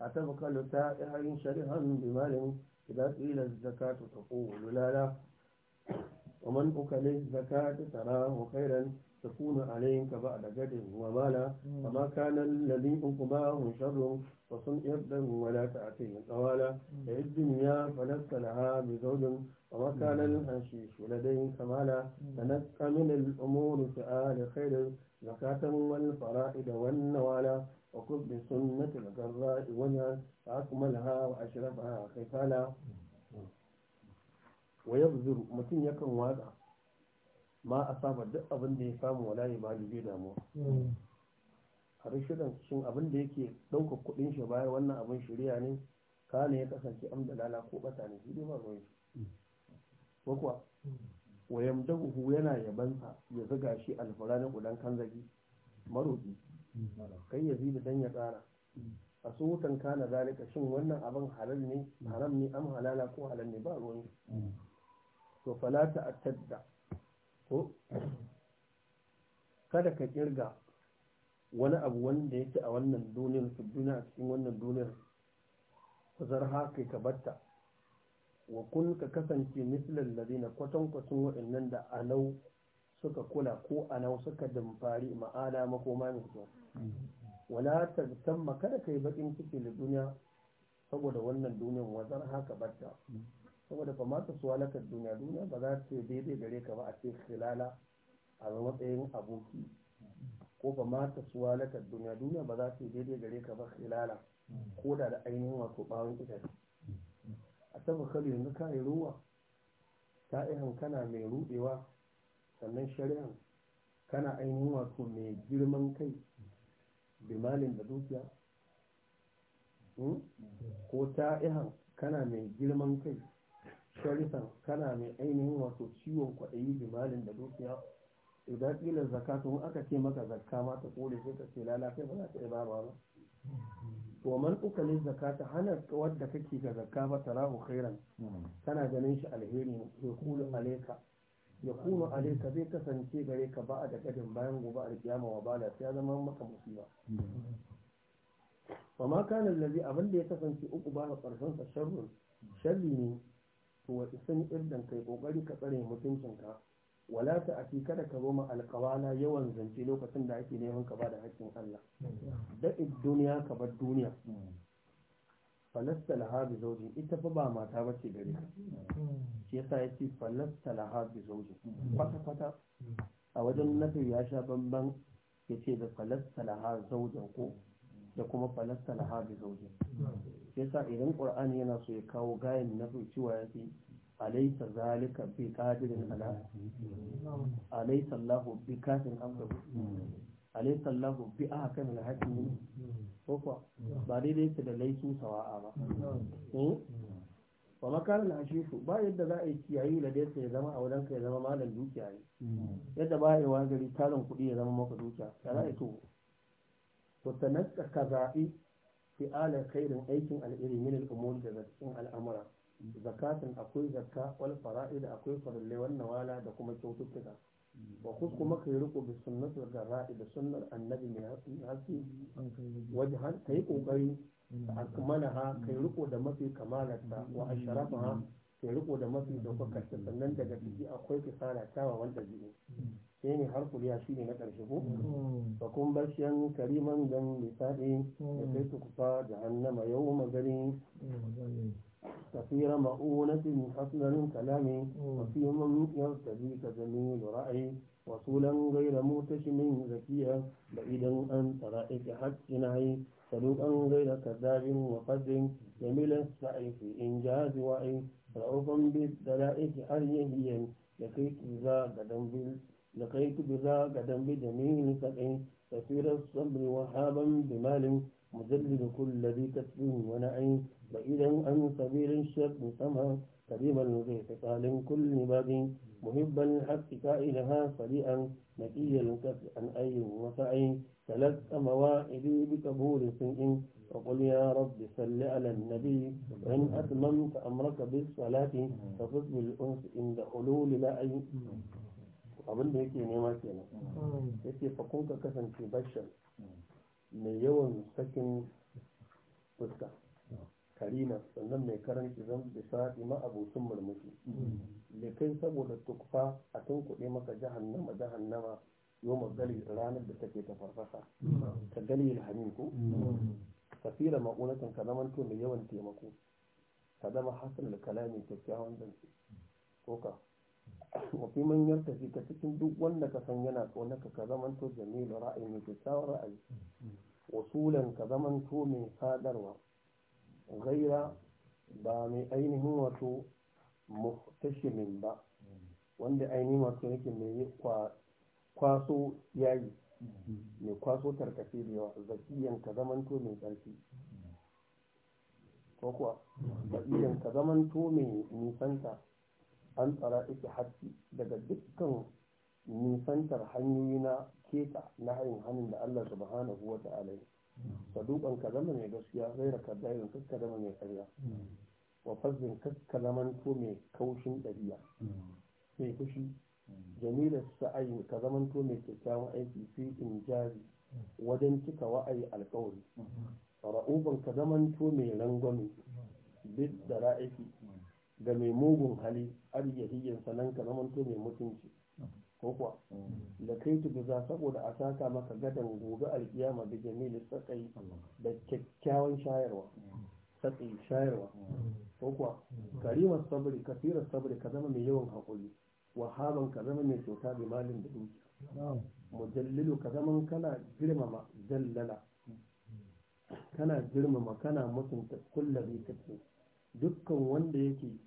أتبخل تائها شرها بمال إذا قيل الزكاة تقول لا لا ومن أكل الزكاة تراه خيرا تكون عليك بعد جد ومالا فما كان الذي أقباه شر فصن يبدا ولا تعتيه طوالا الدنيا فلست لها بزوج وما كان الحشيش لديك مالا تنسك من الأمور سؤال خير زكاة والفرائد والنوالا وكن بسنة الجراء وجها فأكملها وأشرفها خفالا wa yabzuru mutum yakan watsa ma a saba duk abin da ya samu wa layi bani zai damuwa a rashidan shin abin da yake ɗaukar kuɗin shi bayan wannan abin shirya ne kane ya kasance da lala ko bata ne shi dai ba ruwan shi ko kuwa yana yabansa ya zuga shi alfara na kudan zagi maroki kai ya zida dan ya tsara a wutan kana zalika shin wannan abin halal ne haram ne am halala ko halal ne ba ruwan shi to la a tadda ko kada ka kirga wani abu wanda yake a wannan duniyar su duniya cikin wannan duniyar kuzar haka ka batta wa kun ka kasance mislan ladina kwatan waɗannan da alau suka kula ko anau suka damfari ma'ala makoma mai kyau wala ta tamma kada ka yi bakin ciki da duniya saboda wannan duniyar wazar haka batta saboda fa masu suwa na duniya duniya ba za ta daidai gare ka ba a ce khilala a matsayin aboki ko ba ma ta suwa na duniya duniya ba za ta daidai gare ka ba khilala ko da da ainihin wato bawon ita a saba kalu yanzu ka yi ruwa ta ihan kana mai rudewa sannan shari'an kana ainihin wato mai girman kai bimalin da dukiya hmm? ko ta ihan kana mai girman kai sharifan kana mai ainihin wato ciwon kwaɗayi jimalin da dukiya idan ƙilar zaka tun aka ce maka zakka ma ta kore sai ka ce lalace ba za ta ba ba to man ukalin zakka ta hana wadda kake ga zakka ba tarahu khairan kana ganin shi alheri ya kulu alaika ya kulu alaika zai kasance gare ka ba a da gadin bayan gobe alkiyama wa bala sai ya zama maka musiba wa ma kana allazi abin da ya kasance uku ba a karshen sa sharrun sharri ne to wa irin irdan kai kokari ka tsare ka wala ta afi kada ka ma alkawala yawan zance lokacin da ake neman ka da haƙƙin Allah daɗin duniya ka bar duniya falasta bi zauji ita fa ba mata ba ce gare ka shi yasa ya ce falasta bi zauji kwata-kwata a wajen nafi ya sha bamban ya ce da falasta laha zaujin ko da kuma falasta lahabi zaujin yasa idan qur'ani yana so ya kawo gayan na cewa ya fi alaisa zalika bi qadirin ala alaisa allahu bi kafin amru alaisa allahu bi ahkam al hakim ko kuwa ba daidai su da laifin sawa'a ba hmm? wa makarar hashifu ba yadda za a yi kiyayi da dai ya zama a wajen ka ya zama malam dukiya ne yadda ba ya gari tarin kuɗi ya zama maka dukiya ya za a to wata nasta ka zaɓi fi'ala khairin aikin al'iri min al'umuri daga al'amura zakatin akwai zakka wal fara'id akwai farallai wannan wala da kuma kyaututtuka wa kuma kai riko bi sunnati al da sunnar annabi mai haske wajhan kai kokari akmalaha kai riko da mafi kamalarta wa ashrafaha kai riko da mafi daukakarta sannan daga ciki akwai kisala tawa wanda sai ne harkul ya shi ne na ƙarshe ko fa kun bashiyan kariman dan misali da kai su kufa da annama yau magani كثير مؤونة حسن الكلام وفي من يرتدي كجميل رأي وصولا غير متشم ذكيا بعيدا عن طرائق حق نعي سلوكا غير كذاب وقد جميل السعي في إنجاز وعي رؤوفا بالدلائل حريه يكيك إذا قدم لقيت بذا قدم بجميل سقي كثير الصبر وهابا بمال مجلد كل ذي كسب ونعي بعيدا عن سبيل الشر سما قريبا لاعتقال كل باب محب الحق كائلها صليئا نقي الكف عن اي وسعي تلت مواعدي بقبول سيء وقل يا رب صل على النبي وان اتممت امرك بالصلاه ففز بالانس عند حلول العين abin da yake nema kenan hmm. yake fakon ka kasance bashar mai yawan sakin fuska karina sannan mai karanci zan bisa ima abokin murmushi da hmm. kai saboda tukfa a tun kuɗe maka jahannama jahannama yau magali ranar da take ta farfasa hmm. ka gali ilhamin ku fira ma'unatan ka zamanto mai yawan taimako ka zama hasan da kalami kyakkyawan zance ko ka wafi fi tafi ka cikin duk wanda ka san yana tsona ka to jamilu ra'ayi mai kyakkyawar ra'ayi wasulan ka to mai sadarwa gaira ba mai ainihin wato muhtashimin ba wanda ainihin wato yake mai kwaso yayi mai kwaso tarkace da yawa zakiyan ka to mai tsarki ko kuwa zakiyan ka to mai nisanta an tsara iki haƙƙi daga dukkan nisantar hanyoyi na keta na hayin hannun da Allah subhanahu wa ta'ala saduƙan ka zama mai gaskiya zai ka dayin kakka zama mai karya wa fazin kakka zaman to mai kaushin ɗabi'a mai fushi jamilar sa'ayin ka zaman to mai kyakkyawan aiki fi in jari wajen cika wa'ayi alkawari ra'uban ka zaman to mai rangwame bid da ra'aiki ga mai mugun hali arzihiyyan sanan ka to mai mutunci ko kuwa mm. da kai tuguza saboda a saka maka gadan gobe alkiyama da jami'in sakai da kyakkyawan shayarwa sakai shayarwa ko kuwa mm. karimar sabri kafirar sabri ka zama mai yawan haƙuri wahaban ka zama mai kyauta da malin da dukiya mujallilu ka zama kana girmama jallala kana girmama kana mutunta kullabi kake dukkan wanda yake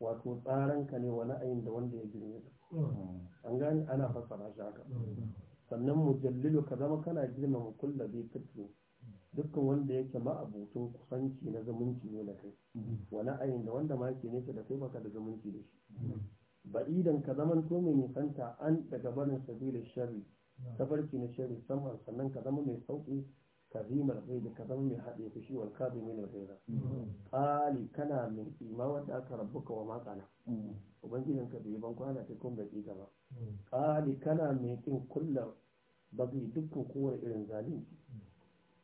wato tsaranka ne wani ayin da wanda ya girme ka hmm. an gane ana fassara shi haka hmm. sannan mujallilu ka zama kana girmama kulla bi fitri dukkan wanda yake ma'abutun kusanci na zumunci ne da kai hmm. wani ayin da wanda ma yake nesa da kai baka da zumunci da shi ba'idan ka zaman to mai nisanta an daga barin sabilin shari tafarki na shari saman sannan ka zama mai sauki. mai haɗe كظيم الغيظ كظم الحديث شي والكاظمين الغيظ قال كنا من ما ودعك ربك وما قال وبنجي لك بيبان كنا تكون بقيتا ba قال كنا من kin ba bagi dukkan kowar irin zalunci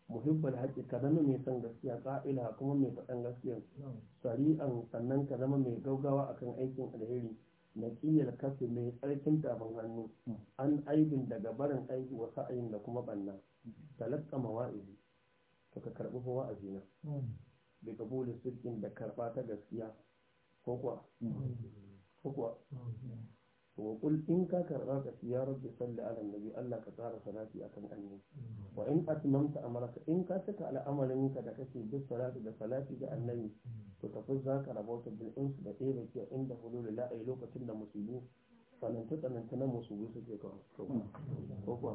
muhibbal haƙi ka zama mai san gaskiya ƙa'ila kuma mai faɗan gaskiya sari'an sannan ka zama mai gaugawa akan aikin alheri na ƙiyar kafin mai tsarkin tafin hannu an aibin daga barin aiki wasu ayin da kuma ɓanna talaka mawa'izi to ka karbi fa wa'azi na da ka bude sirkin da karba ta gaskiya ko kuwa ko kuwa wa in ka karba ka ya rabbi salli ala nabi allah ka tsara salati akan annabi wa in atmamta amalaka in ka saka al'amarin ka da kake bi salati da salati da annabi to ka fuzza ka rabo ta bil insu da tsere ki inda hulul la'ai lokacin da musulmi tsanantu tsanantu na musulmi suke kawo ko kuwa